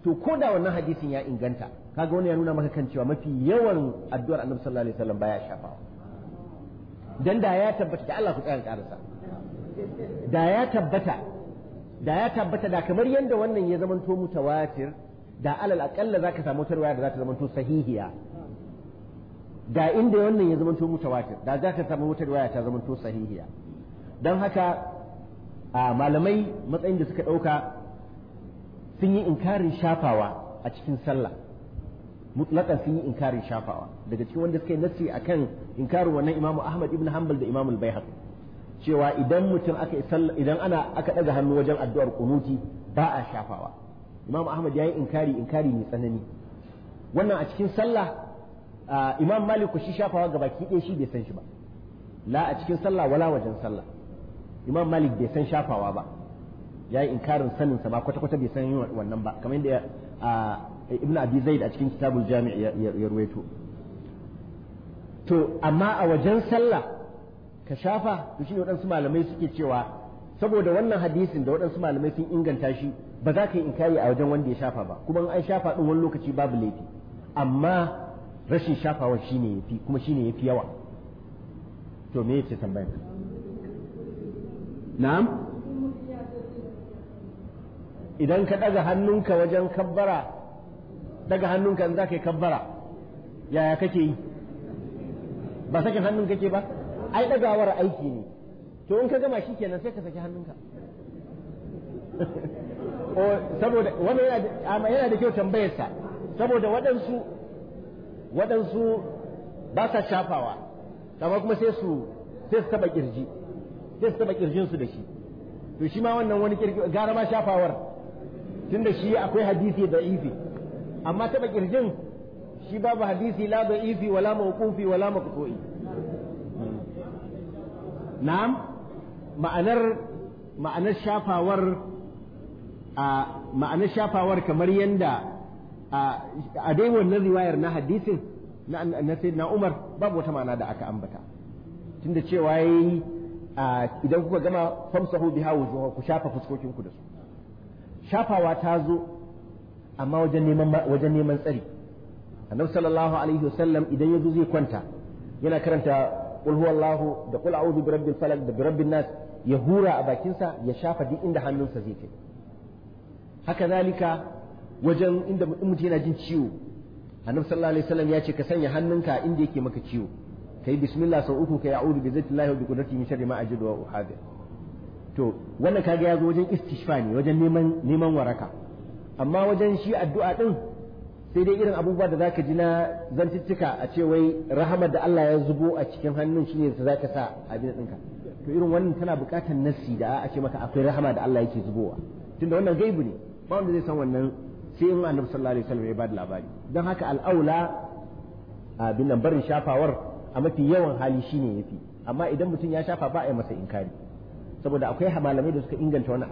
to ko da wannan hadisin ya inganta kaga wani ya nuna maka kan cewa mafi yawan addu'ar annabi sallallahu alaihi wasallam baya shafa dan da ya tabbata da Allah ku tsaya karasa da ya tabbata da ya tabbata da kamar yadda wannan ya zamanto mutawatir da alal za ka samu tarwaya da za ta zamanto sahihiya da inda wannan ya zamanto mutawatir da za ka samu wata waya ta zamanto sahihiya don haka a malamai matsayin da suka ɗauka sun yi inkarin shafawa a cikin sallah mutlaƙan sun yi inkarin shafawa daga cikin wanda suka yi nassi akan inkarin wannan imamu ahmad ibn hanbal da imamu al-baihaqi cewa idan mutum aka idan ana aka daga hannu wajen addu'ar kunuti ba a shafawa imam ahmad yayi inkari inkari mai tsanani wannan a cikin sallah imam malik shi shafawa ga baki ɗaya shi bai san shi ba la a cikin sallah wala wajen sallah imam malik bai san shafawa ba yayi inkarin sanin sa ba kwata kwata bai san wannan ba kamar yadda ibnu abi zaid a cikin kitabul jami' ya ruwaito to amma a wajen sallah ka shafa to shine waɗansu malamai suke cewa saboda wannan hadisin da waɗansu malamai sun inganta shi ba za ka yi inkari a wajen wanda ya shafa ba kuma an shafa ɗin wani lokaci babu laifi amma rashin shafawa shine yafi kuma shine yafi yawa to me yace tambayar na'am idan ka daga hannunka wajen kabbara daga hannunka in za ka yi kabbara yaya kake yi ba sakin hannun kake ba ai ɗagawar aiki ne to in ka gama shi kenan sai ka saki hannunka oh, saboda wanda ah, yana da kyau tambayarsa saboda waɗansu waɗansu ba sa shafawa amma kuma sai su sai su taɓa ƙirji sai su taɓa ƙirjinsu da shi to shi ma wannan wani ƙirji gara ma shafawar tunda shi akwai hadisi da ifi amma taɓa ƙirjin shi babu hadisi la da ifi wala mawqufi wala maqtu'i na'am ma'anar ma'anar shafawar a ma'anar shafawar kamar yanda a dai wannan riwayar na hadisin na na Umar babu wata ma'ana da aka ambata tunda cewa yayi idan kuka gama famsahu biha wujuha ku shafa fuskokin ku da su shafawa ta zo amma wajen neman wajen neman tsari annabi sallallahu alaihi wasallam idan yazo zai kwanta yana karanta qul huwallahu da qul a'udhu birabbil falaq da birabbin nas ya hura a bakinsa ya shafa duk inda hannunsa zai kai haka zalika wajen inda mutum na jin ciwo annabi sallallahu alaihi wasallam ya ce ka sanya hannunka inda yake maka ciwo kai bismillah sau uku kai a'udhu bi zatillahi wa bi qudratihi min sharri ma ajidu wa uhadir to wannan kaga ya zo wajen istishfa ne wajen neman neman waraka amma wajen shi addu'a din sai dai irin abubuwa da zaka ji na zantuttuka a ce wai rahamar da Allah ya zubo a cikin hannun shi ne da zaka sa abin ɗinka to irin wannan tana buƙatar nasi da a ce maka akwai rahama da Allah yake zubowa da wannan gaibu ne ba wanda zai san wannan sai in annabi sallallahu alaihi wasallam ya bada labari don haka al'aula abin nan barin shafawar a mafi yawan hali shine yafi amma idan mutum ya shafa ba a yi masa inkari saboda akwai malamai da suka inganta wannan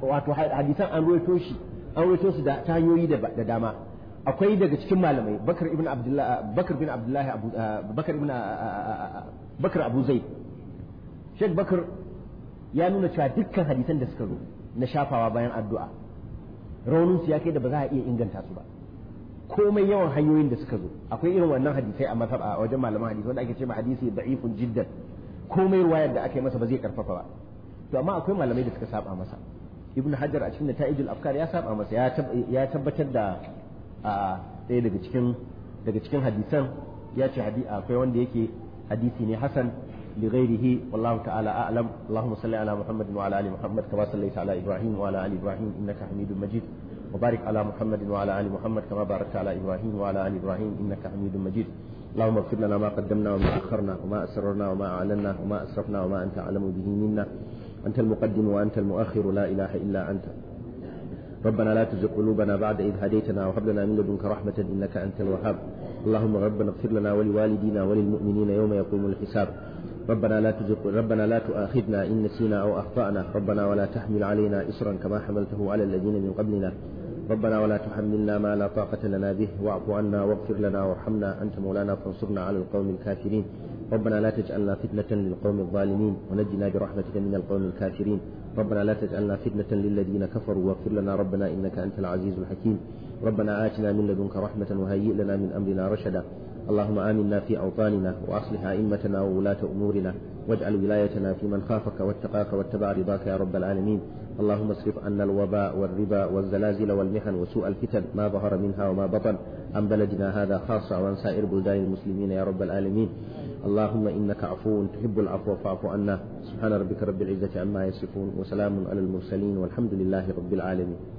wato hadisan an ruwaito shi an ruwaito su da hanyoyi da dama akwai daga cikin malamai bakar ibn abdullahi bakar bin abdullahi abu ah, bakar ibn ah, ah, bakar abu zaid shek bakar ya nuna cewa dukkan hadisan da suka zo na shafawa bayan addu'a raunin su ya kai da ba za a iya inganta su ba komai yawan hanyoyin da suka zo akwai irin wannan hadisai a masa a wajen malaman hadisi wanda ake ce hadisi da'ifun jiddan komai ruwayar da aka masa ba zai karfafa ba to amma akwai malamai da suka saba masa ibn hajar a cikin nata'ijul afkar ya saba masa ya tabbatar da a ɗaya daga cikin daga cikin hadisan ya ce akwai wanda yake hadisi ne hasan li ghairihi wallahu ta'ala a'lam allahumma salli ala muhammad wa ala ali muhammad kama sallaita ala ibrahim wa ala ali ibrahim innaka hamidum majid wa barik ala وبارك wa ala ali ال محمد كما باركت على ابراهيم وعلى ال ابراهيم انك حميد مجيد اللهم اغفر لنا ما قدمنا وما اخرنا وما اسررنا وما اعلنا وما اسرفنا وما انت اعلم به منا انت المقدم وانت المؤخر لا اله الا انت ربنا لا تزغ قلوبنا بعد إذ هديتنا وهب لنا من لدنك رحمة إنك أنت الوهاب اللهم ربنا اغفر لنا ولوالدينا وللمؤمنين يوم يقوم الحساب ربنا لا تزغ ربنا لا تؤاخذنا إن نسينا أو أخطأنا ربنا ولا تحمل علينا إصرا كما حملته على الذين من قبلنا ربنا ولا تحملنا ما لا طاقة لنا به واعف عنا واغفر لنا وارحمنا أنت مولانا فانصرنا على القوم الكافرين ربنا لا تجعلنا فتنة للقوم الظالمين ونجنا برحمتك من القوم الكافرين ربنا لا تجعلنا فتنة للذين كفروا واغفر لنا ربنا إنك أنت العزيز الحكيم ربنا آتنا من لدنك رحمة وهيئ لنا من أمرنا رشدا اللهم آمنا في أوطاننا وأصلح أئمتنا وولاة أمورنا واجعل ولايتنا في من خافك واتقاك واتبع رضاك يا رب العالمين اللهم اصرف عنا الوباء والربا والزلازل والمحن وسوء الفتن ما ظهر منها وما بطن عن بلدنا هذا خاصة وعن سائر بلدان المسلمين يا رب العالمين اللهم إنك عفو تحب العفو فاعف عنا سبحان ربك رب العزة عما يصفون وسلام على المرسلين والحمد لله رب العالمين